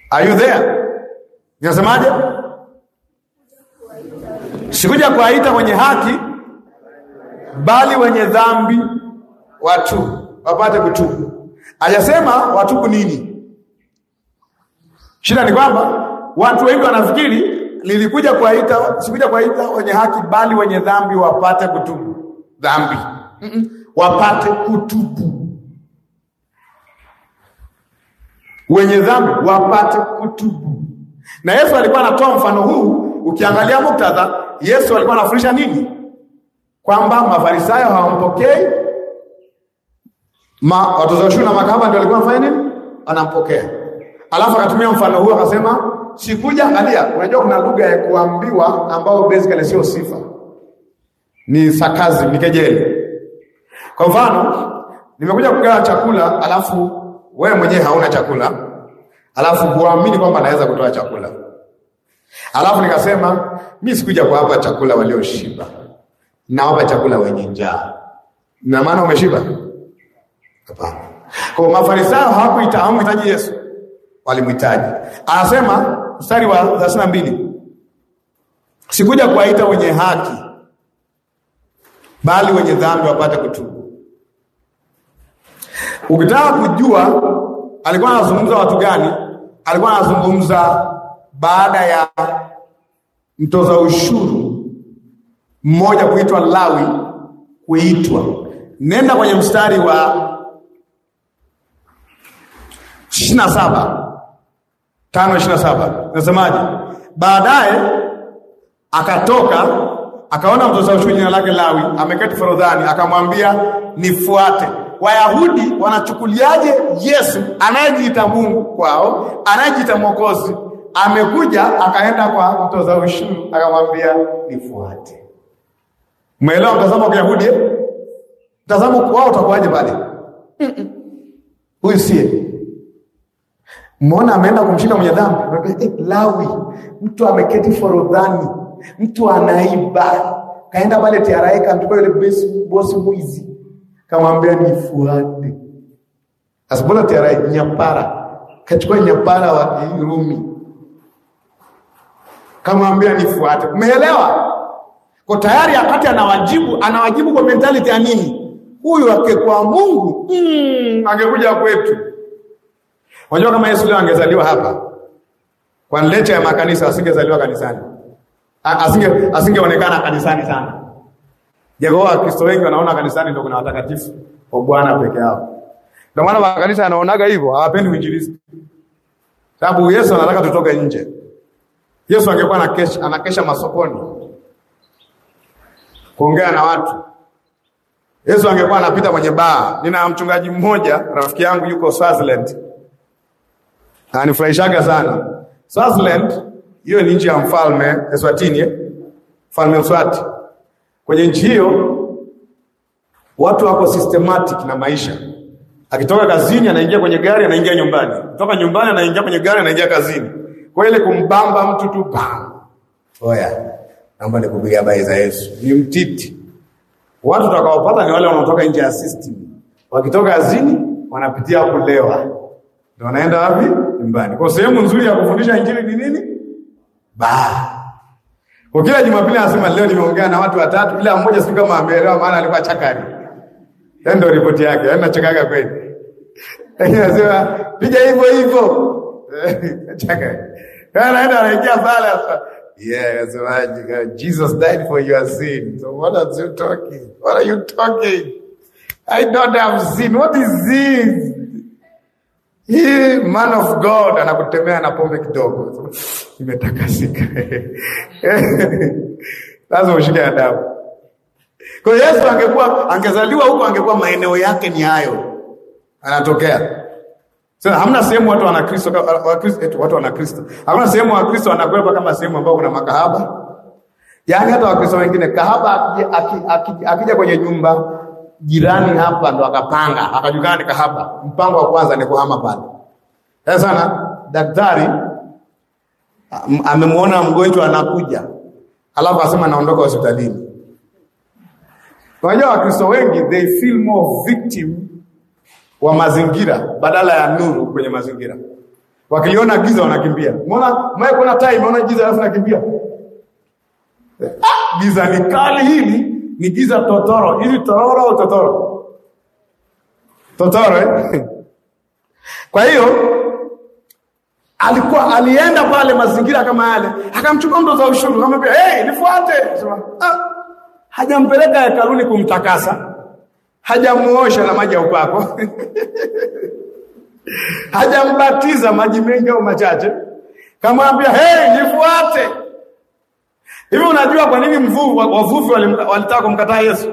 A: Are you there? Nasemaje? Sikuja kuwaita wenye haki bali wenye dhambi watu wapate kutubu hajasema watubu nini. Shida ni kwamba watu wengi wanafikiri nilikuja kuwaita, sikuja kuwaita wenye haki, bali wenye dhambi wapate kutubu dhambi mm -mm. wapate kutubu, wenye dhambi wapate kutubu. Na Yesu alikuwa anatoa mfano huu. Ukiangalia muktadha, Yesu alikuwa anafundisha nini? Kwamba mafarisayo hawampokei Ma watoza ushuru na makahaba ndio walikuwa wanafanya nini? Anampokea. Alafu akatumia mfano huo akasema sikuja alia. Unajua kuna lugha ya kuambiwa ambayo basically sio sifa. Ni sakazi, ni kejeli. Kwa mfano, nimekuja kugawa chakula alafu wewe mwenyewe hauna chakula. Alafu huamini kwamba naweza kutoa chakula. Alafu nikasema mimi sikuja kuwapa chakula walioshiba. Nawapa chakula wenye njaa. Na maana umeshiba? Hapana. Kwa Mafarisayo hawakuita hawamhitaji Yesu, walimhitaji. Anasema mstari wa 32. Sikuja kuwaita wenye haki bali wenye dhambi wapate kutubu. Ukitaka kujua alikuwa anazungumza watu gani, alikuwa anazungumza baada ya mtoza ushuru mmoja kuitwa Lawi kuitwa. Nenda kwenye mstari wa ishirini na saba tano ishirini na saba nasemaje? Baadaye akatoka akaona mtoza ushuru jina lake Lawi ameketi forodhani, akamwambia nifuate. Wayahudi wanachukuliaje Yesu anayejiita Mungu kwao, anayejiita Mwokozi? Amekuja akaenda kwa mtoza ushuru akamwambia nifuate. Umeelewa mtazamo wa Kiyahudi? Eh? Mtazamo wao utakuwaje pale? Huyu sie mona ameenda kumshinda mwenye dhambi eh, Lawi, mtu ameketi forodhani, mtu anaiba, kaenda pale TRA kamchukua yule bosi mwizi, kamwambia nifuate. Asibona TRA nyapara, kachukua nyapara wa Rumi, kamwambia nifuate. Umeelewa? Kwa tayari akati anawajibu, anawajibu kwa mentality ya nini? Huyu akekwa Mungu mm, angekuja kwetu Unajua kama Yesu leo angezaliwa hapa kwa lecha ya makanisa asingezaliwa kanisani, asinge asingeonekana kanisani sana. wa Kristo wengi wanaona kanisani ndio kuna watakatifu wa Bwana peke yao. Ndio maana makanisa yanaonaga hivyo, hawapendi uinjilisti. Sababu Yesu anataka tutoke nje. Yesu angekuwa anakesha, anakesha masokoni kuongea na watu. Yesu angekuwa anapita kwenye baa. Nina mchungaji mmoja rafiki yangu yuko Swaziland anifurahishaga sana. Swaziland hiyo ni nchi ya mfalme Eswatini, eh? mfalme Eswati. Kwenye nchi hiyo watu wako systematic na maisha. Akitoka kazini anaingia kwenye gari, anaingia nyumbani, kutoka nyumbani anaingia kwenye gari, anaingia kazini. Kwa ile kumbamba mtu tu pa oya, naomba nikupigia habari za Yesu ni mtiti. Watu utakaopata ni wale wanaotoka nje ya system, wakitoka kazini wanapitia kulewa, ndio wanaenda wapi? nyumbani. Kwa sehemu nzuri ya kufundisha injili ni nini? Baa. Kwa kila Jumapili anasema leo nimeongea na watu watatu, ila mmoja si kama ameelewa, maana alikuwa chakari. Yaani ndio ripoti yake, yaani nachakaga kweli. Yaani anasema piga hivyo hivyo. Chakari. Yaani Kana enda anaingia pale hapa. Yeah, anasema Jesus died for your sin. So what are you talking? What are you talking? I don't have sin. What is this? hii man of God anakutemea na pombe kidogo, imetakasika lazima ushike adabu. Kwa Yesu angekuwa angezaliwa huko, angekuwa maeneo yake ni hayo, anatokea sasa. Hamna sehemu watu wana Kristo, watu wana Kristo, hamna sehemu wa Kristo wanakwepa kama sehemu ambayo kuna makahaba. Yaani hata Wakristo wengine kahaba akija kwenye nyumba jirani hapa ndo akapanga akajulikana, nika hapa, mpango wa kwanza ni kuhama pale. Sasa sana daktari amemwona mgonjwa anakuja, alafu asema naondoka hospitalini. Unajua Wakristo wengi they feel more victim wa mazingira badala ya nuru kwenye mazingira. Wakiliona giza wanakimbia. Mbona mwae kuna time unaona giza alafu nakimbia. Ah, giza ni kali hili ni giza totoro. Hivi totoro au totoro? Totoro eh? Kwa hiyo alikuwa alienda pale mazingira kama yale, akamchukua mtoza ushuru, akamwambia hey, nifuate. Sema ah, hajampeleka hekaluni kumtakasa, hajamuosha na maji ya upako hajambatiza maji mengi au machache, kamwambia hey, nifuate Hivi unajua kwa nini mvuvu wavuvi walitaka kumkataa Yesu?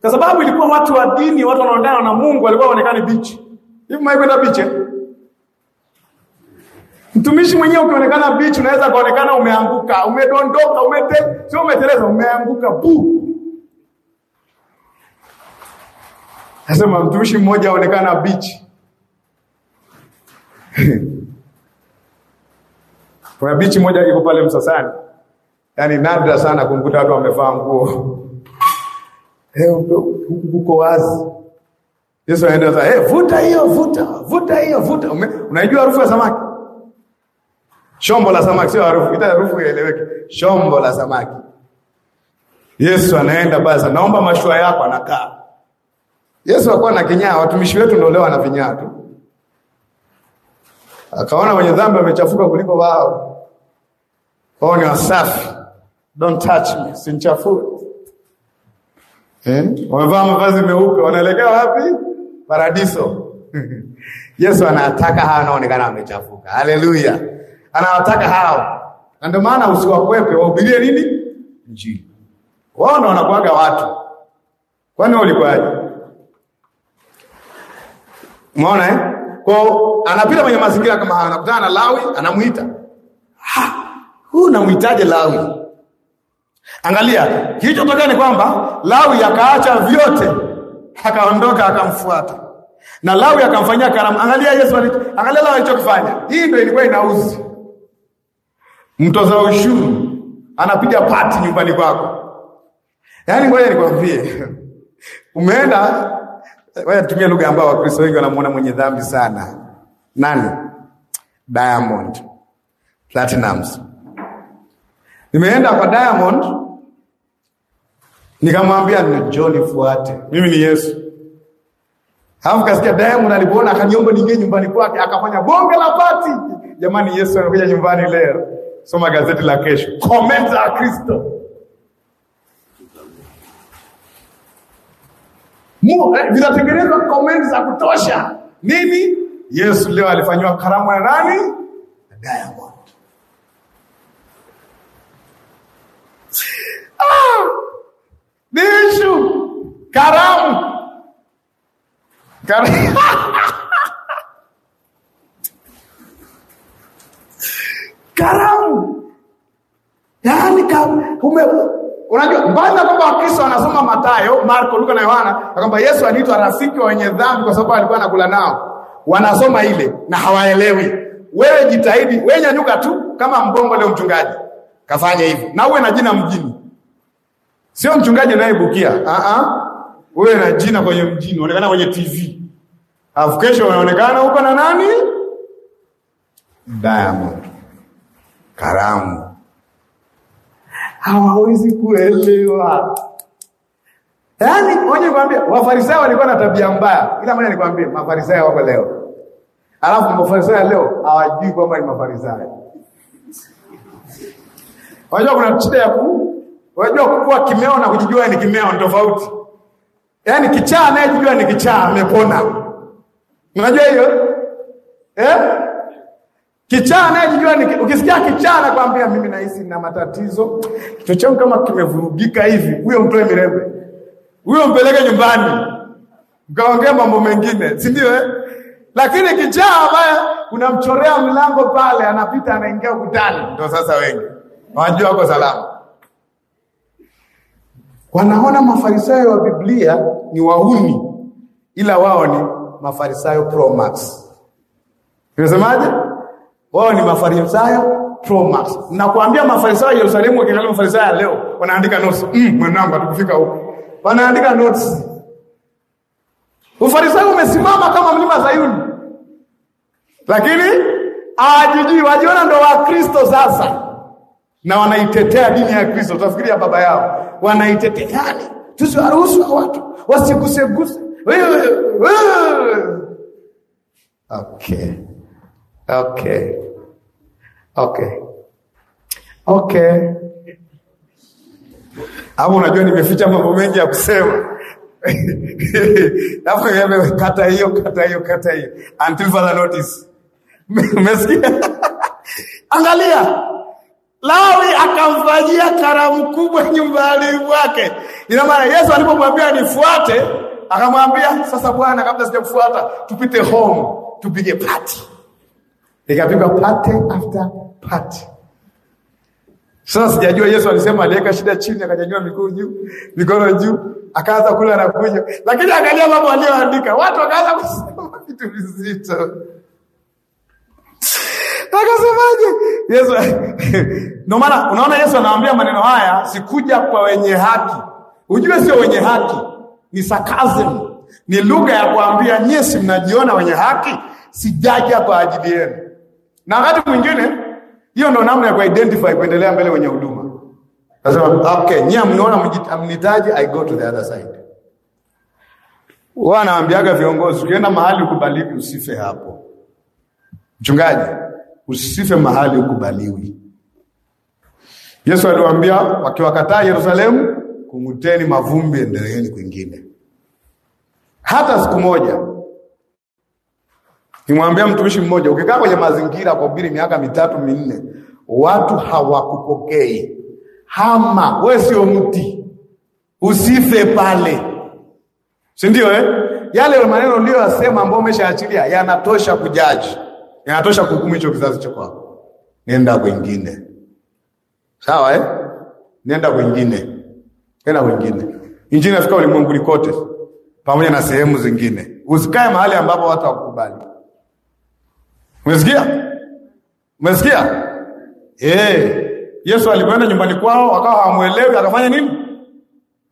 A: Kwa sababu ilikuwa watu wa dini, watu wanaondana na Mungu walikuwa waonekane bichi. Hivi kwenda bichi? Eh? Mtumishi mwenyewe ukionekana bichi unaweza kuonekana umeanguka, umedondoka, umete, sio umeteleza, umeanguka bu. Nasema mtumishi mmoja aonekana bichi. Kuna bichi moja iko pale Msasani. Yaani nadra sana kumkuta watu wamevaa nguo eh, uko wazi. Yesu anaenda sasa, eh, hey, vuta hiyo, vuta, vuta hiyo, vuta. Unajua harufu ya samaki? Shombo la samaki sio harufu, ita harufu ieleweke. Shombo la samaki. Yesu anaenda basi, naomba mashua yako, anakaa. Yesu alikuwa na kinyaa, watumishi wetu ndio leo wanavinyaa tu. Akaona wenye dhambi wamechafuka kuliko wao. Wao ni wasafi. Don't touch me, sinchafue. Eh? Wamevaa mavazi meupe wanaelekea wapi? Paradiso. Yesu anataka hawa wanaonekana wamechafuka. Haleluya. Anawataka hao. Na ndio maana usiwakwepe, wahubirie nini? Injili. Wao ndio wanakuaga watu. Kwani ulikuwaje? Umeona eh? Kwa anapita kwenye mazingira kama haya, anakutana na Lawi, anamuita. Ha, huu namwitaje Lawi? Angalia, kilichotokea ni kwamba Lawi akaacha vyote akaondoka akamfuata, na Lawi akamfanyia karamu. Angalia Yesu, angalia Lawi alichokifanya. Hii ndio ilikuwa inauzi mtoza ushuru anapiga pati nyumbani kwako. Yaani, ngoja nikwambie, umeenda wewe, tumia lugha ambayo Wakristo wengi wanamuona mwenye dhambi sana. Nani? Diamond Platinums Nimeenda kwa Diamond nikamwambia njoo nifuate, mimi ni Yesu. Halafu kasikia Diamond alipoona akaniomba niingie nyumbani kwake, akafanya bonge la pati. Jamani, Yesu anakuja nyumbani leo, soma gazeti la kesho, komenta ya Kristo. Zinatengenezwa eh, comment za kutosha. Nini? Yesu leo alifanyiwa karamu ya nani? Na Diamond. Bicho! Caramba! Caramba! Caramba! Yaani ume unajua na kwamba Wakristo wanasoma Mathayo, Marko, Luka na Yohana kwamba Yesu aliitwa rafiki wa wenye dhambi kwa sababu alikuwa anakula nao. Wanasoma ile na hawaelewi. Wewe jitahidi, wewe nyanyuka tu kama mbongo leo mchungaji. Kafanya hivi Na uwe na jina mjini. Sio mchungaji anayeibukia. Wewe na jina kwenye mjini, unaonekana kwenye TV, alafu kesho unaonekana huko na nani? Diamond karamu. Hawawezi kuelewa. Yaani ngoja kwambia Wafarisayo walikuwa na tabia mbaya. Ila mmoja nikwambie Mafarisayo wako leo. Alafu Mafarisayo leo hawajui kwamba ni Mafarisayo. Wajua kuna shida ya Unajua kuwa kimeo na kujijua ni kimeo ni tofauti. Yaani kichaa anayejijua ni kichaa amepona. Unajua hiyo? Eh? Kichaa anayejijua ni ukisikia kichaa anakuambia mimi nahisi na matatizo. Kichwa changu kama kimevurugika hivi. Huyo mtoe mirembe. Huyo mpeleke nyumbani. Mkaongea mambo mengine, si ndio eh? Lakini kichaa ambaye unamchorea mlango pale anapita anaingia ukutani. Ndio sasa wengi. Wanajua wako salama. Wanaona mafarisayo wa Biblia ni wahuni, ila wao ni mafarisayo pro max. Unasemaje? Wao ni mafarisayo pro max. Nakwambia mafarisayo ya Yerusalemu wakiangalia mafarisayo ya leo wanaandika notes. Mm, mwanangu atakufika huko. Wanaandika notes. Ufarisayo umesimama kama mlima Zayuni, Lakini hawajijui, wajiona ndo Wakristo sasa na wanaitetea dini ya Kristo, utafikiria baba yao wanaitetea. Yani tusiwaruhusu watu wasiguseguse. Okay, okay, okay, okay. Hapo unajua nimeficha mambo mengi ya kusema Alafu yeye kata hiyo kata hiyo kata hiyo until further notice. Umesikia? Angalia Lawi akamfanyia karamu kubwa nyumbani mwake. Ina maana Yesu alipomwambia nifuate, akamwambia sasa, Bwana, kabla sijakufuata tupite home, tupige party. Ikapigwa party after party. Sasa sijajua Yesu alisema aliweka shida chini, akanyanyua miguu juu, mikono juu, akaanza kula na kunywa, lakini angalia mambo aliyoandika, watu wakaanza kusema vitu vizito. Akasemaje? Yesu ndio maana unaona Yesu anawaambia maneno haya, sikuja kwa wenye haki. Ujue sio wenye haki, ni sarcasm, ni lugha ya kuambia nyie si mnajiona wenye haki, sijaja kwa ajili yenu. Na wakati mwingine hiyo ndio namna ya kuidentify kuendelea mbele wenye huduma. Nasema okay, nyie mniona mnitaji, I go to the other side. Wanaambiaga viongozi, ukienda mahali ukubaliki, usife hapo. Mchungaji, usife mahali ukubaliwi. Yesu aliwaambia wakiwakataa Yerusalemu, kung'uteni mavumbi, endeleeni kwingine. Hata siku moja nimwambia mtumishi mmoja, ukikaa kwenye mazingira kwa ubiri miaka mitatu minne, watu hawakupokei, hama, we sio mti, usife pale, si ndio eh? Yale maneno uliyoyasema ambayo umeshaachilia yanatosha kujaji inatosha kuhukumu hicho kizazi cha kwako, nenda kwingine. Sawa eh? Nenda kwingine, nenda kwingine. Injili inafika ulimwenguni kote, pamoja na sehemu zingine. Usikae mahali ambapo watu hawakubali. Umesikia? Umesikia? Eh, Yesu alipoenda nyumbani kwao, akawa hamuelewi, akafanya nini?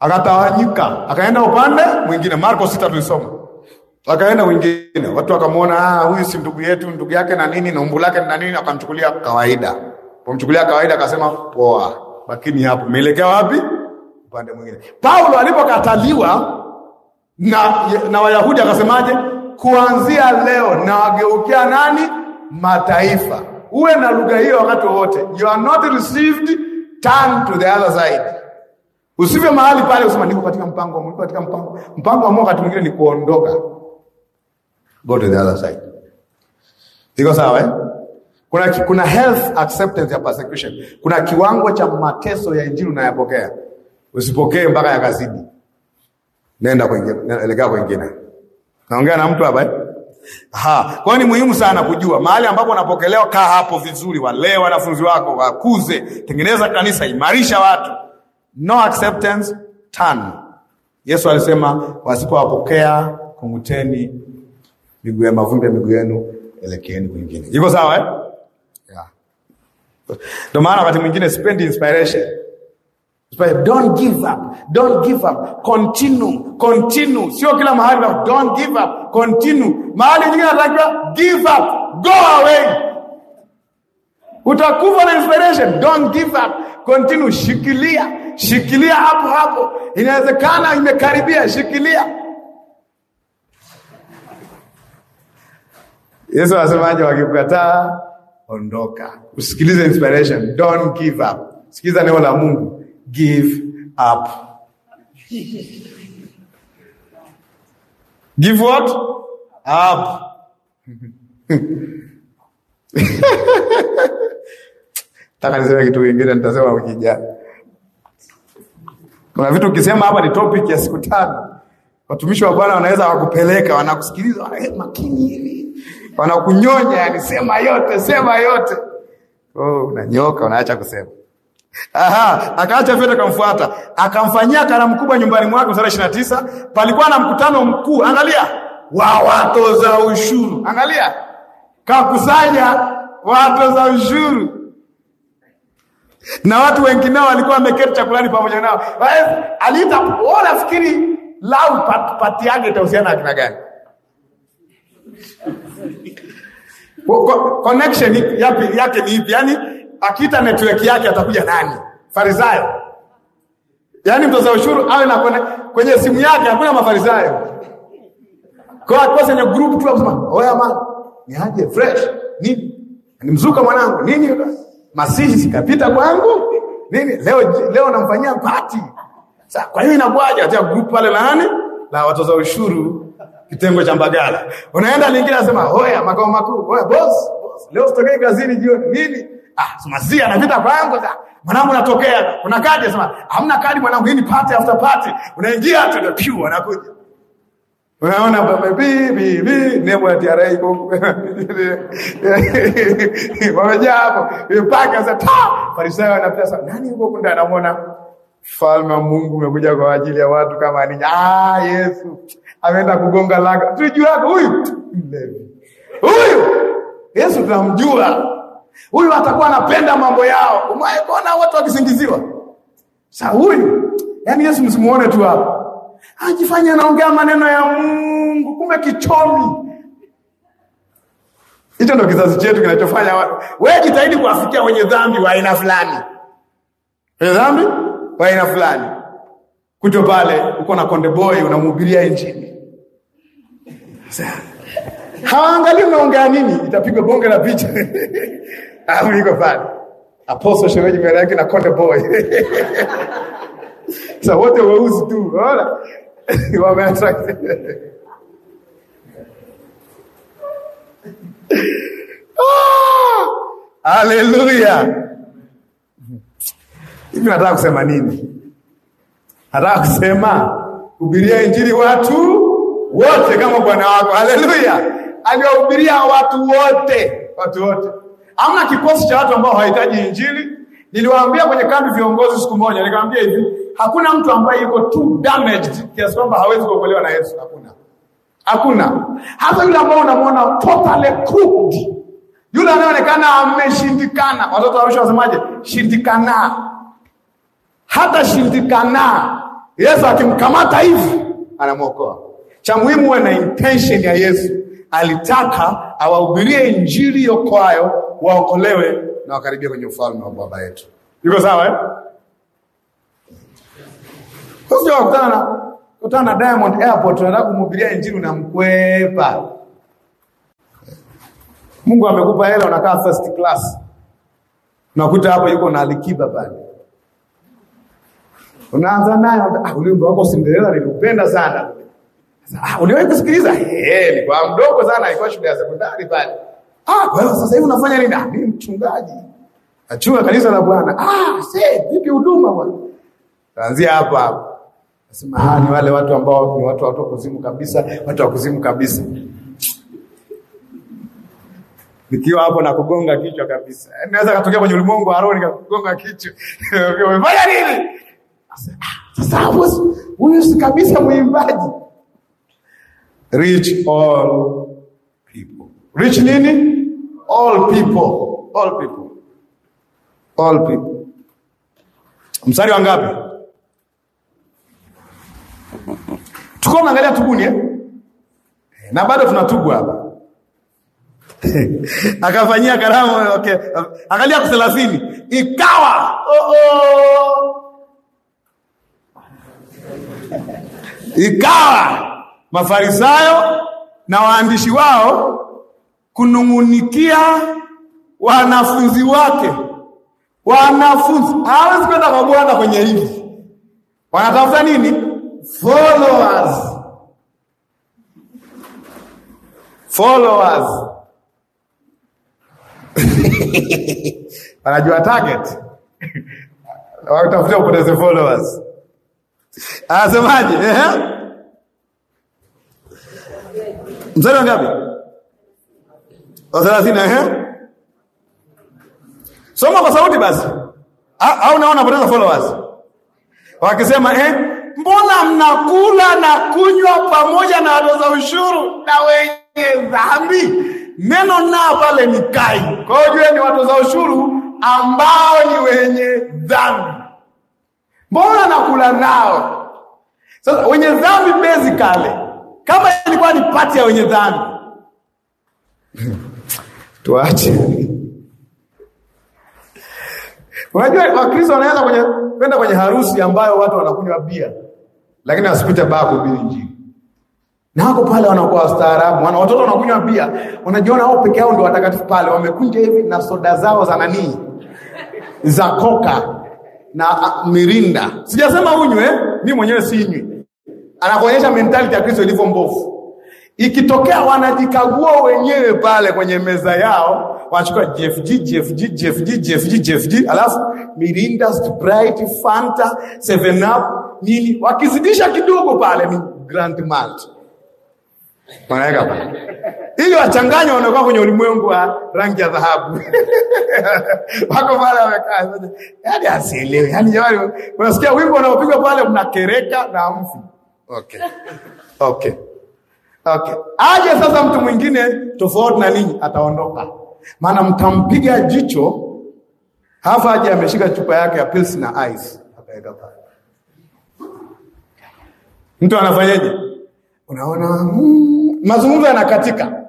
A: Akatawanyika, akaenda upande mwingine. Marko sita tulisoma Wakaenda wengine, watu wakamwona, ah, huyu si ndugu yetu, ndugu yake na nini na umbu lake na nini, akamchukulia kawaida. Pomchukulia kawaida, akasema poa, lakini hapo meelekea wapi? Upande mwingine. Paulo alipokataliwa na, na Wayahudi akasemaje? Kuanzia leo nawageukia nani? Mataifa. Uwe na lugha hiyo wakati wowote, you are not received, turn to the other side. Usivyo mahali pale usema niko katika mpango wa Mungu, katika mpango mpango wa Mungu, wakati mwingine ni kuondoka go to the other side. Iko sawa eh? Kuna, kuna health acceptance ya persecution. Kuna kiwango cha mateso ya injili unayapokea, usipokee mpaka yakazidi. Nenda kwingine, elekea kwingine. Naongea na mtu hapa eh? Ha, kwa hiyo ni muhimu sana kujua mahali ambapo unapokelewa. Kaa hapo vizuri, walee wanafunzi wako, wakuze, tengeneza kanisa, imarisha watu. No acceptance turn. Yesu alisema wasipowapokea kung'uteni miguu ya mavumbi ya miguu yenu, elekeeni kwingine. Iko sawa eh? Yeah. Ndio maana wakati mwingine sipendi inspiration. Don't give up. Don't give up. Continue. Continue. Sio kila mahali na don't give up. Continue. Mahali nyingine give up. Go away. Utakufa na inspiration. Don't give up. Continue. Shikilia. Shikilia hapo hapo. Inawezekana imekaribia, shikilia. Yesu anasemaje? Wakikukataa ondoka, usikilize inspiration. Don't give up, sikiza neno la Mungu. Give up. Give what? Up. Taka niseme kitu kingine, nitasema wiki ijayo. Kuna vitu ukisema hapa ni topic ya siku tano. Watumishi wa Bwana wanaweza wakupeleka, wanakusikiliza, eh, makini hivi wanakunyonya, yani sema yote, sema yote. Oh, unanyoka unaacha kusema. Aha, akaacha fedha akamfuata, akamfanyia karamu kubwa nyumbani mwake tarehe ishirini na tisa. Palikuwa na mkutano mkuu, angalia, wa watoza ushuru, angalia, kakusanya watoza ushuru na watu wengineo walikuwa wameketi chakulani pamoja nao. Eh, aliita nafikiri lau pat, patiage itahusiana na kina gani? connection yapi yake ni ipi? Yani akita network yake atakuja nani? Farisayo. Yani mtoza ushuru awe na kone, kwenye simu yake hakuna mafarisayo. Kwa kwa kwenye group tu msema, "Oya oh, ma, ni haje fresh? Nini? Ni mzuka mwanangu. Nini? Masihi sikapita kwangu." Nini? Leo leo namfanyia party. Sasa kwa hiyo inakuwaje? Atia group pale nani? La watoza ushuru kitengo cha Mbagala. Unaenda lingine anasema, "Hoya makao makuu, hoya boss, boss. Leo sitokei kazini jioni. Nini? Ah, sumasia anapita kwangu za. Ah, mwanangu natokea. Kuna kadi anasema, "Hamna kadi mwanangu, hii ni party after party." Unaingia tu ndio pure anakuja. Unaona baba bi bi bi nembo ya TRA iko. Wamejaa hapo. Mpaka sasa ta Farisayo anapita sasa. Nani yuko kunda anamwona?" Falme wa Mungu umekuja kwa ajili ya watu kama ninyi. Ah, Yesu ameenda kugonga laga, tulijuaga huyu mlevi huyu. Yesu tunamjua huyu, atakuwa anapenda mambo yao. Umewaona watu wakisingiziwa sa huyu, yaani Yesu msimuone tu hapo, ajifanya anaongea maneno ya Mungu, kumbe kichomi. Hicho ndo kizazi chetu kinachofanya. Wewe jitahidi kuwafikia wenye dhambi wa aina fulani, wenye dhambi wa aina fulani kuja pale uko na Konde Boy unamhubiria injili. Hawaangalii unaongea nini, itapigwa bonge la picha. Hapo iko pale. aposto shemeji mbele yake na Konde Boy. Sasa wote weusi tu. ona Wameattract. Ah! Haleluya. Hivi nataka kusema nini? Hata kusema hubiria injili watu wote kama Bwana wako. Haleluya! Aliwahubiria watu wote, watu wote. Hamna kikosi cha watu ambao hawahitaji injili. Niliwaambia kwenye kambi viongozi siku moja, nikamwambia hivi, hakuna mtu ambaye yuko too damaged kiasi kwamba hawezi kuokolewa na Yesu. Hakuna, hakuna, hata yule ambao unamwona totally cooked, yule anayeonekana ameshindikana. Watoto wa Arusha wasemaje? Shindikana hata hatashindikana. Yesu akimkamata hivi anamwokoa. Cha muhimu na intention ya Yesu, alitaka awahubirie injili yokwayo waokolewe na wakaribia kwenye ufalme wa baba yetu. Iko sawa eh? Kutana kutana na Diamond Airport, unataka kumhubiria injili unamkwepa. Mungu amekupa hela, unakaa first class, unakuta hapo yuko na Alikiba pale unaanza naye ah, ule wimbo wako Cinderella nilipenda sana. Sasa ah, uliwahi kusikiliza? Eh, ni kwa mdogo sana, ilikuwa shule ya sekondari pale. Ah, kwa hiyo sasa hivi unafanya nini? Ah, mimi mchungaji. Nachunga kanisa la Bwana. Ah, se, vipi huduma bwana? Tuanzia hapa hapa. Nasema ah, ni wale watu ambao ni watu wa kuzimu kabisa, watu wa kuzimu kabisa. Nikiwa hapo na kugonga kichwa kabisa. Yaani naweza katokea kwenye ulimwengu wa roho nikagonga kichwa. Umefanya nini? Sasa hapo huyu si kabisa mwimbaji. Reach all people. Reach nini? All people. All people. All people. Mstari wa ngapi? Tuko naangalia tubuni eh? eh? Na bado tunatubu hapa. Akafanyia karamu okay. Angalia 30. Ikawa. Oh oh. Ikawa Mafarisayo na waandishi wao kunungunikia wanafunzi wake. Wanafunzi hawezi kwenda kwa Bwana kwenye hivi, wanatafuta nini? Followers, followers wanajua target, watafuta upoteze followers Anasemaje? Eh? Mstari wa ngapi? Wa 30 eh? Soma kwa sauti basi. Au naona poteza followers. Wakisema eh, mbona mnakula na kunywa pamoja na watoza ushuru na wenye dhambi? Neno na pale ni kai. Kwa hiyo jueni watoza ushuru ambao ni wenye dhambi mbona nakula nao? Sasa wenye dhambi bezi kale, kama ilikuwa ni pati ya wenye dhambi tuache. Unajua Wakristo wanaweza kwenye kwenda kwenye harusi ambayo watu wanakunywa bia, lakini wasipite baa kuhubiri Injili na wako pale wanakuwa wastaarabu, wana watoto wanakunywa bia, wanajiona wao peke yao ndio watakatifu pale, wamekunja hivi na soda zao za nanii za koka na ah, mirinda. Sijasema unywe, mimi mwenyewe sinywi Anakuonyesha mentality ya Kristo ilivyo mbovu. Ikitokea wanajikagua wenyewe pale kwenye meza yao, wanachukua JFG JFG JFG JFG JFG, alafu mirinda, Sprite, Fanta, 7 Up nini, wakizidisha kidogo pale ni Grand Malt wanaweka pale ili wachanganya, wanakuwa kwenye ulimwengu wa rangi ya dhahabu wako pale wamekaa, yaani asielewi. Yaani jamani, unasikia wimbo unaopigwa pale, mnakereka na mfu. Okay, okay, okay. Aje sasa mtu mwingine tofauti na ninyi, ataondoka, maana mtampiga jicho. Halafu aje ameshika chupa yake ya pills na ice, ataweka pale. Mtu anafanyaje? unaona mazungumzo yanakatika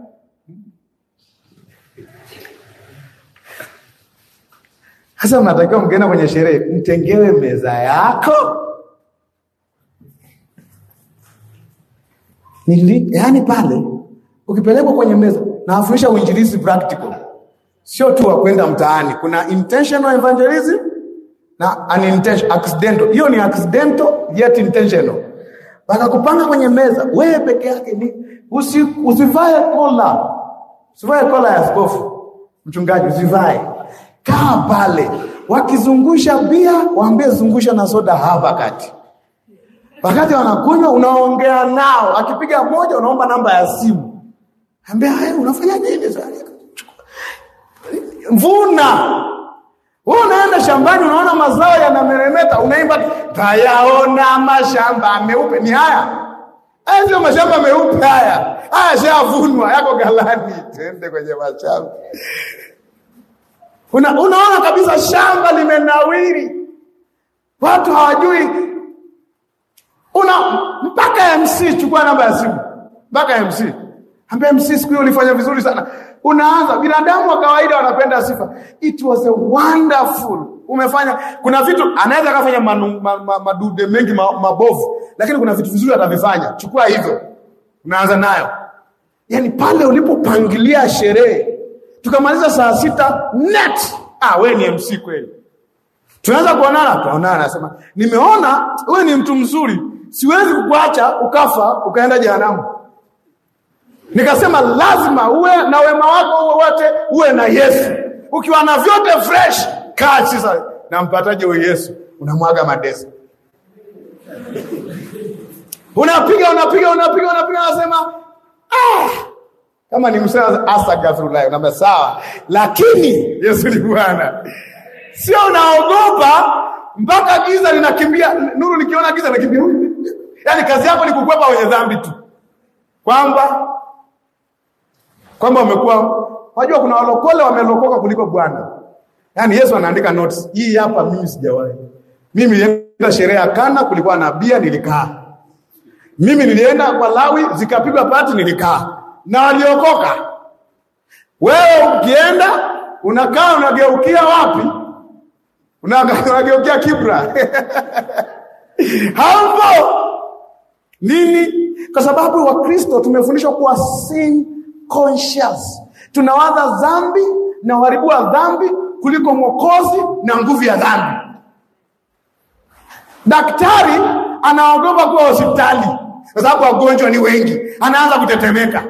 A: sasa mnatakiwa mkienda kwenye sherehe mtengewe meza yako Nili, yaani pale ukipelekwa kwenye meza nawafundisha uinjilisi practical sio tu wa kwenda mtaani kuna intentional evangelism na unintentional accidental hiyo ni accidental yet intentional Wanakupanga kwenye meza wewe peke yake, ni usi, usivae kola, usivae kola ya askofu mchungaji, usivae, kaa pale. Wakizungusha bia, waambie zungusha na soda hapa kati wakati wanakunywa unaongea nao, akipiga moja unaomba namba ya simu, ambia unafanya nini? Vuna wewe unaenda shambani unaona mazao yanameremeta, unaimba tayaona mashamba meupe. Ni haya haya, sio mashamba meupe haya, haya shavunwa, yako galani, tende kwenye mashamba Una, unaona kabisa shamba limenawiri, watu hawajui una mpaka MC. Chukua namba ya simu mpaka MC, ambia MC, siku hiyo ulifanya vizuri sana unaanza. Binadamu wa kawaida wanapenda sifa. It was a wonderful. Umefanya, kuna vitu anaweza kafanya madude ma, ma, madude mengi mabovu, lakini kuna vitu vizuri atavifanya. Chukua hivyo, unaanza nayo. Yani pale ulipopangilia sherehe tukamaliza saa sita net. Ah, wewe ni MC kweli. Tunaanza kuonana, tunaonana, anasema nimeona wewe ni mtu mzuri, siwezi kukuacha ukafa ukaenda jehanamu. Nikasema lazima uwe na wema wako wote, uwe na Yesu. Ukiwa na vyote fresh, kaa sasa. mpataje wewe Yesu? Unamwaga madesa
B: unapiga unapiga unapiga unapiga, unasema
A: ah, kama ni msana astagfirullah. Unaambia sawa, lakini Yesu ni Bwana. Sio unaogopa mpaka giza linakimbia nuru, nikiona giza linakimbia. Yaani kazi yako ni kukwepa wenye dhambi tu, kwamba kwamba wamekuwa wajua, kuna walokole wamelokoka kuliko Bwana. Yaani Yesu anaandika notes hii hapa, mimi sijawahi. Mimi nilienda sherehe ya Kana, kulikuwa na bia, nilikaa. Mimi nilienda kwa Lawi, zikapigwa pati, nilikaa na waliokoka. Wewe ukienda unakaa unageukia wapi? Unageukia kibra hapo nini? Kwa sababu Wakristo tumefundishwa kuwa sin conscious tunawaza dhambi na uharibu wa dhambi kuliko mwokozi na nguvu ya dhambi daktari anaogopa kuwa hospitali kwa sababu wagonjwa ni wengi anaanza kutetemeka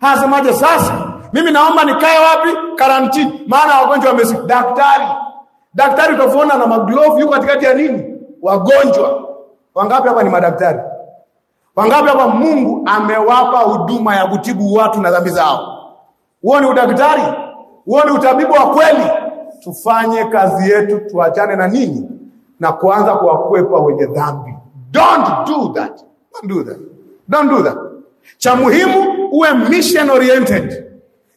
A: anasemaje sasa mimi naomba nikae wapi karantini maana wagonjwa wamesi daktari daktari utaona na maglovu yuko katikati ya nini wagonjwa wangapi hapa ni madaktari Wangapi hapa Mungu amewapa huduma ya kutibu watu na dhambi zao? Huo ni udaktari, huo ni utabibu wa kweli. Tufanye kazi yetu, tuachane na nini na kuanza kuwakwepa wenye dhambi. Don't do that, don't do that, don't do that. Cha muhimu uwe mission oriented.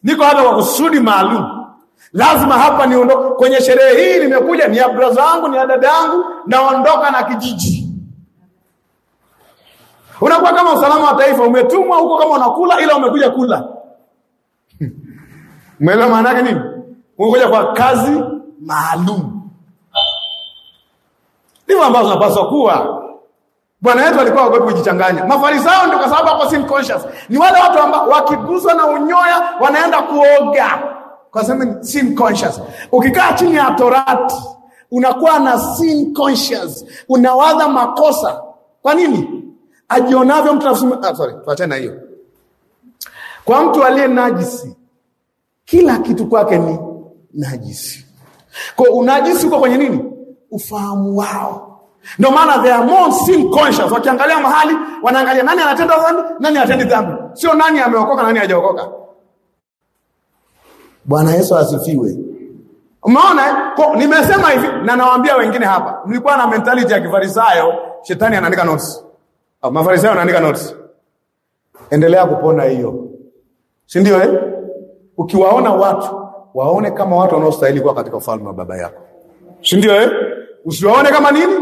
A: Niko hapa kwa kusudi maalum, lazima hapa niondoke kwenye sherehe hii. Nimekuja ni ya brother wangu, ni ya dada yangu, naondoka na kijiji Unakuwa kama usalama wa taifa, umetumwa huko kama unakula, ila umekuja kula. Umeelewa maana yake nini? Umekuja kwa kazi maalum. Ndivyo ambavyo unapaswa kuwa. Bwana wetu alikuwa haogopi kujichanganya. Mafarisayo ndio kwa sababu ako sin conscious. Ni wale watu ambao wakiguswa na unyoya wanaenda kuoga. Kwa sababu sin conscious. Ukikaa chini ya Torati unakuwa na sin conscious, unawadha makosa. Kwa nini? ajionavyo mtu nafsi ah, sorry, tuachane hiyo. Kwa mtu aliye najisi, kila kitu kwake ni najisi. Kwa unajisi uko kwenye nini? Ufahamu wao. Ndio maana they are more sin conscious. Wakiangalia mahali wanaangalia nani anatenda dhambi, nani atendi dhambi, sio nani ameokoka, nani hajaokoka. Bwana Yesu asifiwe. Umeona, eh? nimesema hivi na nawaambia wengine hapa, nilikuwa na mentality ya kifarisayo, shetani anaandika notes Ah, Mafarisayo wanaandika notes. Endelea kupona hiyo, si ndio eh? Ukiwaona watu waone kama watu wanaostahili kuwa katika ufalme wa baba yako, si ndio eh? Usiwaone kama nini?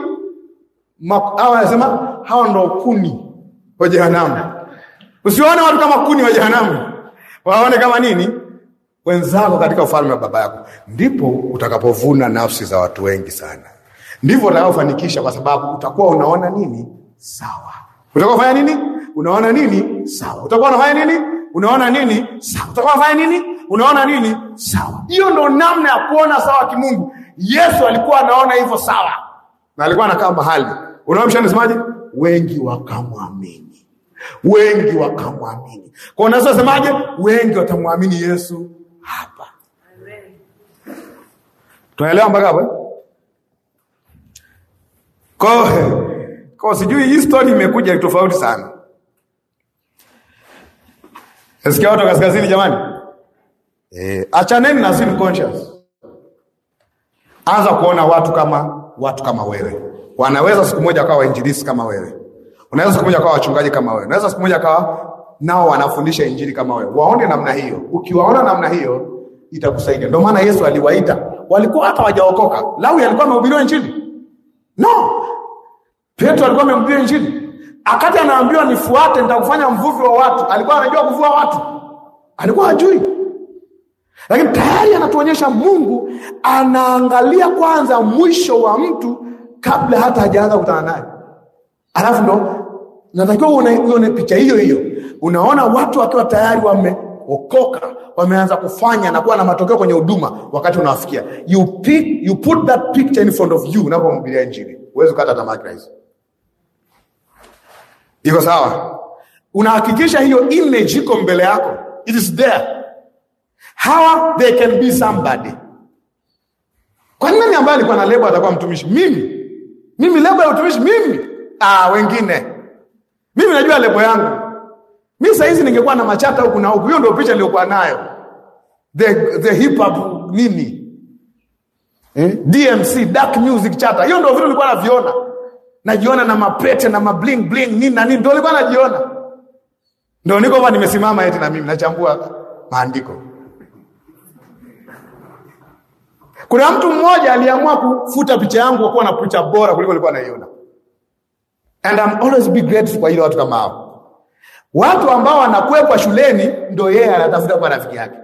A: Hawa anasema hawa ndo kuni wa jehanamu. Usiwaone watu kama kuni wa jehanamu, waone kama nini? Wenzako katika ufalme wa baba yako. Ndipo utakapovuna nafsi za watu wengi sana, ndivyo utakaofanikisha, kwa sababu utakuwa unaona nini sawa utakuwa unafanya nini? Unaona nini? Sawa. Utakuwa unafanya nini? Unaona nini? Sawa. Utakuwa unafanya nini? Unaona nini? Sawa. Hiyo ndo namna ya kuona sawa kimungu. Yesu alikuwa anaona hivyo sawa, na alikuwa anakaa mahali. Unaona mshanasemaje? Wengi wakamwamini, wengi wakamwamini. Kwa unaweza semaje? Wengi watamwamini Yesu hapa. Tunaelewa mpaka hapo? Kwa kwa sijui hii story imekuja tofauti sana. Nasikia watu kaskazini jamani. Eh, achaneni na conscious. Anza kuona watu kama watu kama wewe. Wanaweza siku moja kawa injilisi kama wewe. Unaweza siku moja kawa wachungaji kama wewe. Unaweza siku moja kawa nao wanafundisha injili kama wewe. Waone namna hiyo. Ukiwaona namna hiyo itakusaidia. Ndio maana Yesu aliwaita. Walikuwa hata wajaokoka. Lau alikuwa amehubiriwa injili. No, Petro alikuwa amemhubiri Injili, akati anaambiwa nifuate, nitakufanya mvuvi wa watu. Alikuwa anajua kuvua watu? Alikuwa hajui, lakini tayari anatuonyesha Mungu anaangalia kwanza mwisho wa mtu kabla hata hajaanza kukutana naye, alafu ndo natakiwa uone picha hiyo hiyo. Unaona watu wakiwa tayari wameokoka, wameanza kufanya na kuwa na matokeo kwenye huduma, wakati unawafikia. You pick, you put that picture in front of you unapomhubiria Injili, huwezi kukata tamaa kirahisi iko sawa. Unahakikisha hiyo image iko mbele yako, it is there. How they can be somebody. Kwa nini ambaye alikuwa na lebo atakuwa mtumishi? Mimi mimi lebo ya utumishi mimi? Ah, wengine mimi najua lebo yangu. Mimi saa hizi ningekuwa na machata huku na huku, hiyo ndio picha niliyokuwa nayo, the the hip hop nini eh? DMC dark music chata, hiyo ndio vitu nilikuwa naviona najiona na mapete na mabling bling nini na nini, ndo alikuwa najiona, ndo niko hapa nimesimama eti na mimi nachambua maandiko. Kuna mtu mmoja aliamua kufuta picha yangu kwa kuwa na picha bora kuliko alikuwa anaiona, and I'm always be grateful kwa ile watu kama hao. Watu ambao wanakwepwa shuleni ndo yeye anatafuta kwa rafiki yake,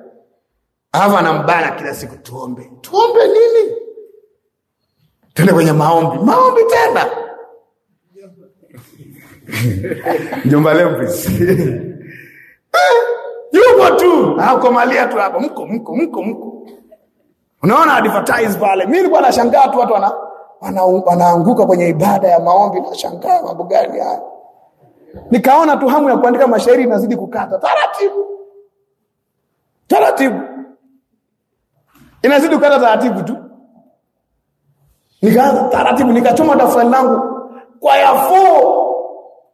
A: alafu anambana kila siku, tuombe. Tuombe nini? Tuende kwenye maombi, maombi tena Mjomba Lempis. Yuko tu. Hako ah, tu hapo. Mko mko mko mko. Unaona advertise pale. Mimi nilikuwa nashangaa tu watu wana wanaanguka kwenye ibada ya maombi na shangaa mambo gani haya. Nikaona tu hamu ya kuandika mashairi inazidi kukata taratibu. Taratibu. Inazidi kukata taratibu tu. Nikaanza taratibu nikachoma daftari langu kwa ya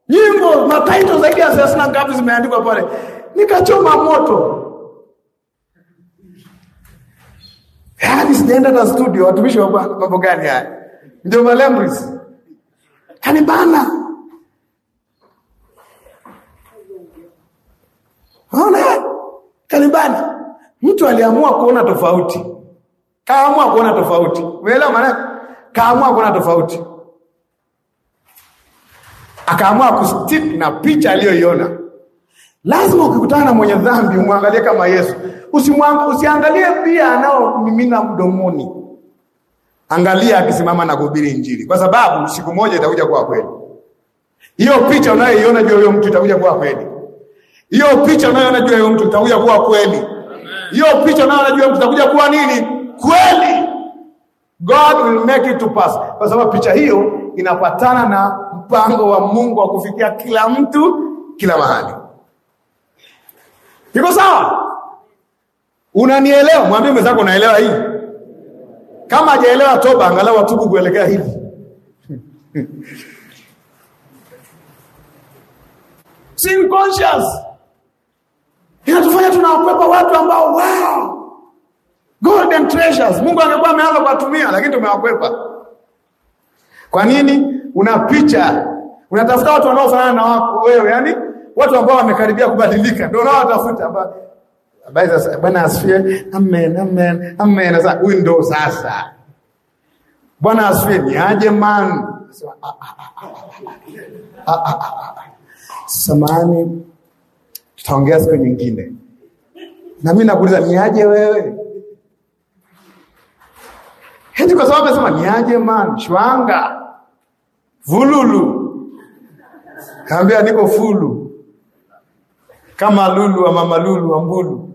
A: nyimbo mataito zaidi ya thelathini na ngapi zimeandikwa pale, nikachoma moto. Yaani sijaenda na studio, watumishi wa mambo gani haya? Ndio malembris yaani bana, Ona kanibana. Mtu aliamua kuona tofauti, kaamua kuona tofauti, umeelewa maana? Kaamua kuona tofauti akaamua kustick na picha aliyoiona. Lazima ukikutana na mwenye dhambi umwangalie kama Yesu, usiangalie pia anaomimina mdomoni, angalia akisimama na kuhubiri Injili, kwa sababu siku moja itakuja kuwa kweli. Hiyo picha unayoiona juu huyo mtu itakuja kuwa kweli. Hiyo picha unayoona juu huyo mtu itakuja kuwa kweli. Hiyo picha unayoona juu mtu itakuja kuwa nini? Kweli. God will make it to pass, kwa sababu picha hiyo inapatana na mpango wa Mungu wa kufikia kila mtu kila mahali. Iko sawa? Unanielewa? Mwambie mwenzako unaelewa hii. Kama hajaelewa toba, angalau atubu kuelekea hivi. Sin conscious inatufanya tunawakwepa watu ambao wow, golden treasures Mungu angekuwa ameanza kuwatumia, lakini tumewakwepa. Kwa nini unapicha? Unatafuta watu wanaofanana na wako wewe, yani watu ambao wamekaribia kubadilika, ndio nao watafuta. Bwana asifiwe. Amen, amen, amen. Sasa huyu ndo sasa. Bwana asifiwe. Ni aje man? samani, tutaongea siku nyingine. Na mimi nakuuliza aje wewe? Heti kwa sababu nasema niaje man, shwanga vululu, kaambia niko fulu kama lulu wa mama lulu wa mbulu.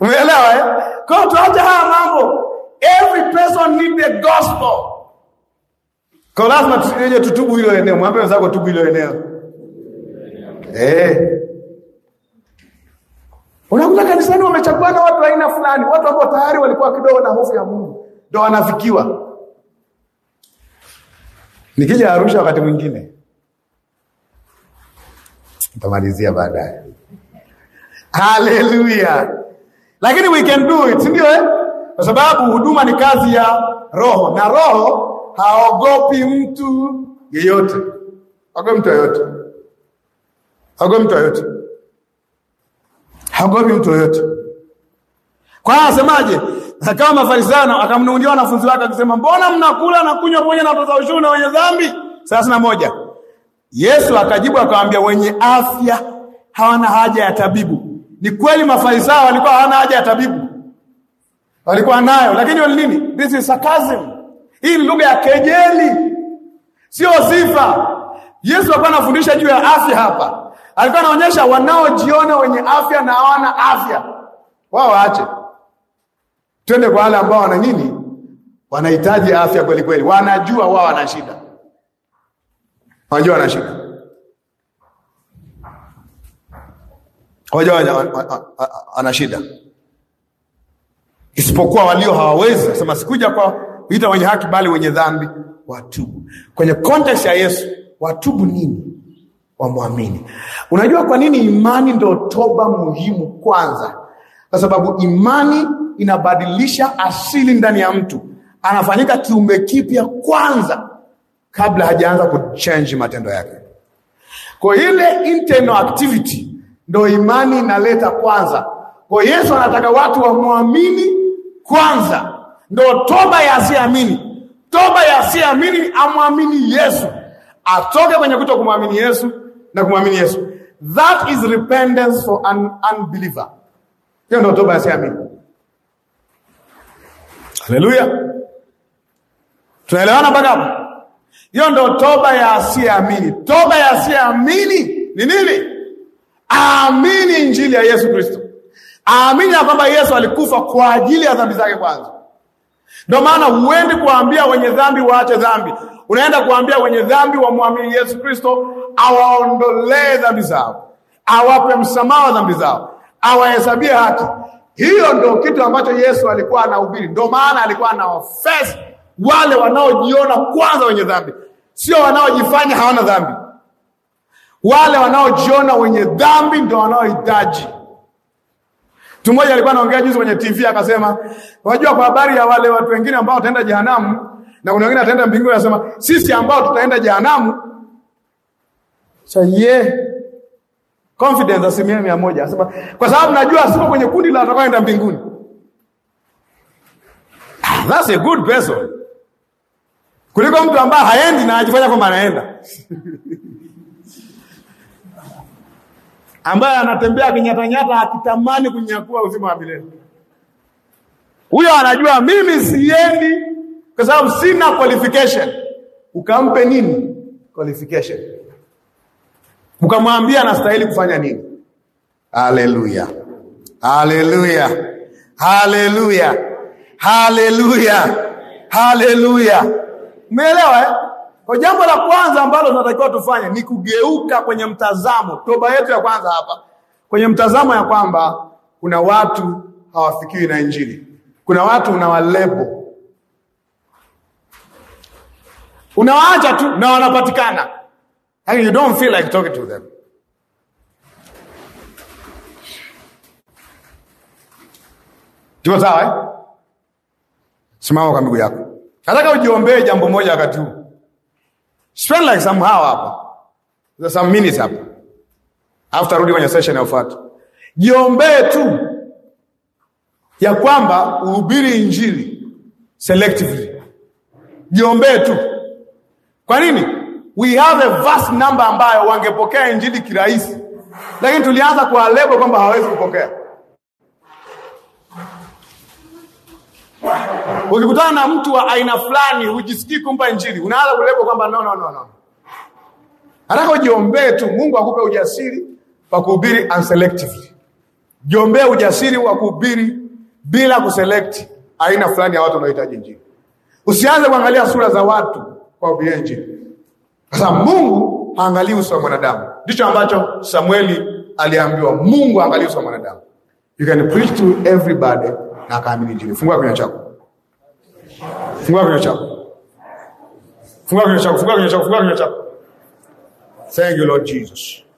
A: Umeelewa eh? Kwa tuache haya mambo. Every person need the gospel. Kwa lazima tuje tutubu hilo eneo. Mwambie wenzako tubu hilo eneo. Eh. Unakuta kanisani wamechagua na watu aina fulani, watu ambao tayari walikuwa kidogo na hofu ya Mungu ndio wanafikiwa. Nikija Arusha wakati mwingine ntamalizia baadaye. Haleluya! Lakini we can do it, ndio eh? Kwa sababu huduma ni kazi ya Roho na Roho haogopi mtu yeyote, haogopi mtu yeyote, haogopi mtu yeyote, haogopi mtu yeyote. Kwa hiyo asemaje? Akawa Mafarisayo akamnunia wanafunzi wake akisema, mbona mnakula na kunywa pamoja na watoza ushuru na wenye dhambi? thelathini na moja. Yesu akajibu akawaambia, wenye afya hawana haja ya tabibu. Ni kweli Mafarisayo walikuwa hawana haja ya tabibu, walikuwa nayo, lakini nini? This is sarcasm. Hii ni lugha ya kejeli, sio sifa. Yesu alikuwa anafundisha juu ya afya hapa, alikuwa anaonyesha wanaojiona wenye afya na hawana afya, wao waache Twende kwa wale ambao wana nini, wanahitaji afya kweli kweli, wanajua wao wana shida, wanajua wana shida wajua ana shida, isipokuwa walio hawawezi. Sema sikuja kwa kuita wenye haki, bali wenye dhambi watubu. Kwenye context ya Yesu, watubu nini? Wamwamini. Unajua kwa nini imani ndio toba muhimu kwanza? Kwa sababu imani inabadilisha asili ndani ya mtu, anafanyika kiumbe kipya kwanza kabla hajaanza kuchange matendo yake. Kwa ile internal activity ndo imani inaleta kwanza. Kwa Yesu anataka watu wamwamini kwanza, ndo toba ya asiamini. Toba ya asiamini amwamini Yesu, atoke kwenye kuto kumwamini Yesu na kumwamini Yesu. That is repentance for an unbeliever. Hiyo ndo toba ya asiamini. Haleluya, tunaelewana mpaka hapo? Hiyo ndo toba ya asiyeamini. Toba ya asiyeamini ni nini? Aamini injili ya Yesu Kristo, aamini ya kwamba Yesu alikufa kwa ajili ya dhambi zake kwanza. Ndio maana huendi kuambia wenye dhambi waache dhambi, unaenda kuambia wenye dhambi wamwamini Yesu Kristo awaondolee dhambi zao, awape msamaha wa dhambi zao, awahesabie haki hiyo ndio kitu ambacho Yesu alikuwa anahubiri. Ndio maana alikuwa anawafesi wale wanaojiona kwanza wenye dhambi, sio wanaojifanya hawana dhambi. Wale wanaojiona wenye dhambi ndio wanaohitaji. Mtu mmoja alikuwa anaongea juzi kwenye TV akasema, wajua, kwa habari ya wale watu wengine ambao wataenda jehanamu na kuna wengine wataenda mbinguni, anasema sisi ambao tutaenda jehanamu. Sasa so, yeah confidence asilimia mia moja. Anasema kwa sababu najua siko kwenye kundi la atakayoenda mbinguni. That's a good person
B: kuliko mtu ambaye haendi na ajifanya kwamba anaenda
A: ambaye anatembea akinyatanyata akitamani kunyakua uzima wa milele. Huyo anajua mimi siendi kwa sababu sina qualification. Ukampe nini qualification? mkamwambia anastahili kufanya nini. Haleluya, haleluya, haleluya, haleluya, haleluya. Umeelewa eh? Kwa jambo la kwanza ambalo tunatakiwa tufanye ni kugeuka kwenye mtazamo, toba yetu ya kwanza hapa kwenye mtazamo ya kwamba kuna watu hawafikiwi na Injili, kuna watu unawalebo, unawaacha tu na wanapatikana and you don't feel like talking to them. Tuko sawa eh? Simama kwa miguu yako. Nataka ujiombee jambo moja wakati huu. Spend like some hour hapa. There's some minutes hapa. After rudi kwenye session ya inayofuata. Jiombee tu ya kwamba uhubiri injili selectively. Jiombee tu. Kwa nini? we have a vast number ambayo wangepokea injili kirahisi, lakini tulianza kwa lebo kwamba hawezi kupokea. Ukikutana na mtu wa aina fulani hujisikii kumpa injili, unaanza kulebo kwamba no, no, no, no. Nataka ujiombee tu, Mungu akupe ujasiri wa kuhubiri unselectively. Jiombee ujasiri wa kuhubiri bila kuselect aina fulani ya watu wanaohitaji injili. Usianze kuangalia sura za watu kwa kuhubiria injili. Sasa Mungu haangalii uso wa mwanadamu, ndicho ambacho Samueli aliambiwa, Mungu haangalii uso wa mwanadamu. You can preach to everybody na akaamini Injili. Fungua kinywa chako, fungua kinywa chako, fungua kinywa chako, fungua kinywa chako, fungua kinywa chako. Thank you Lord Jesus.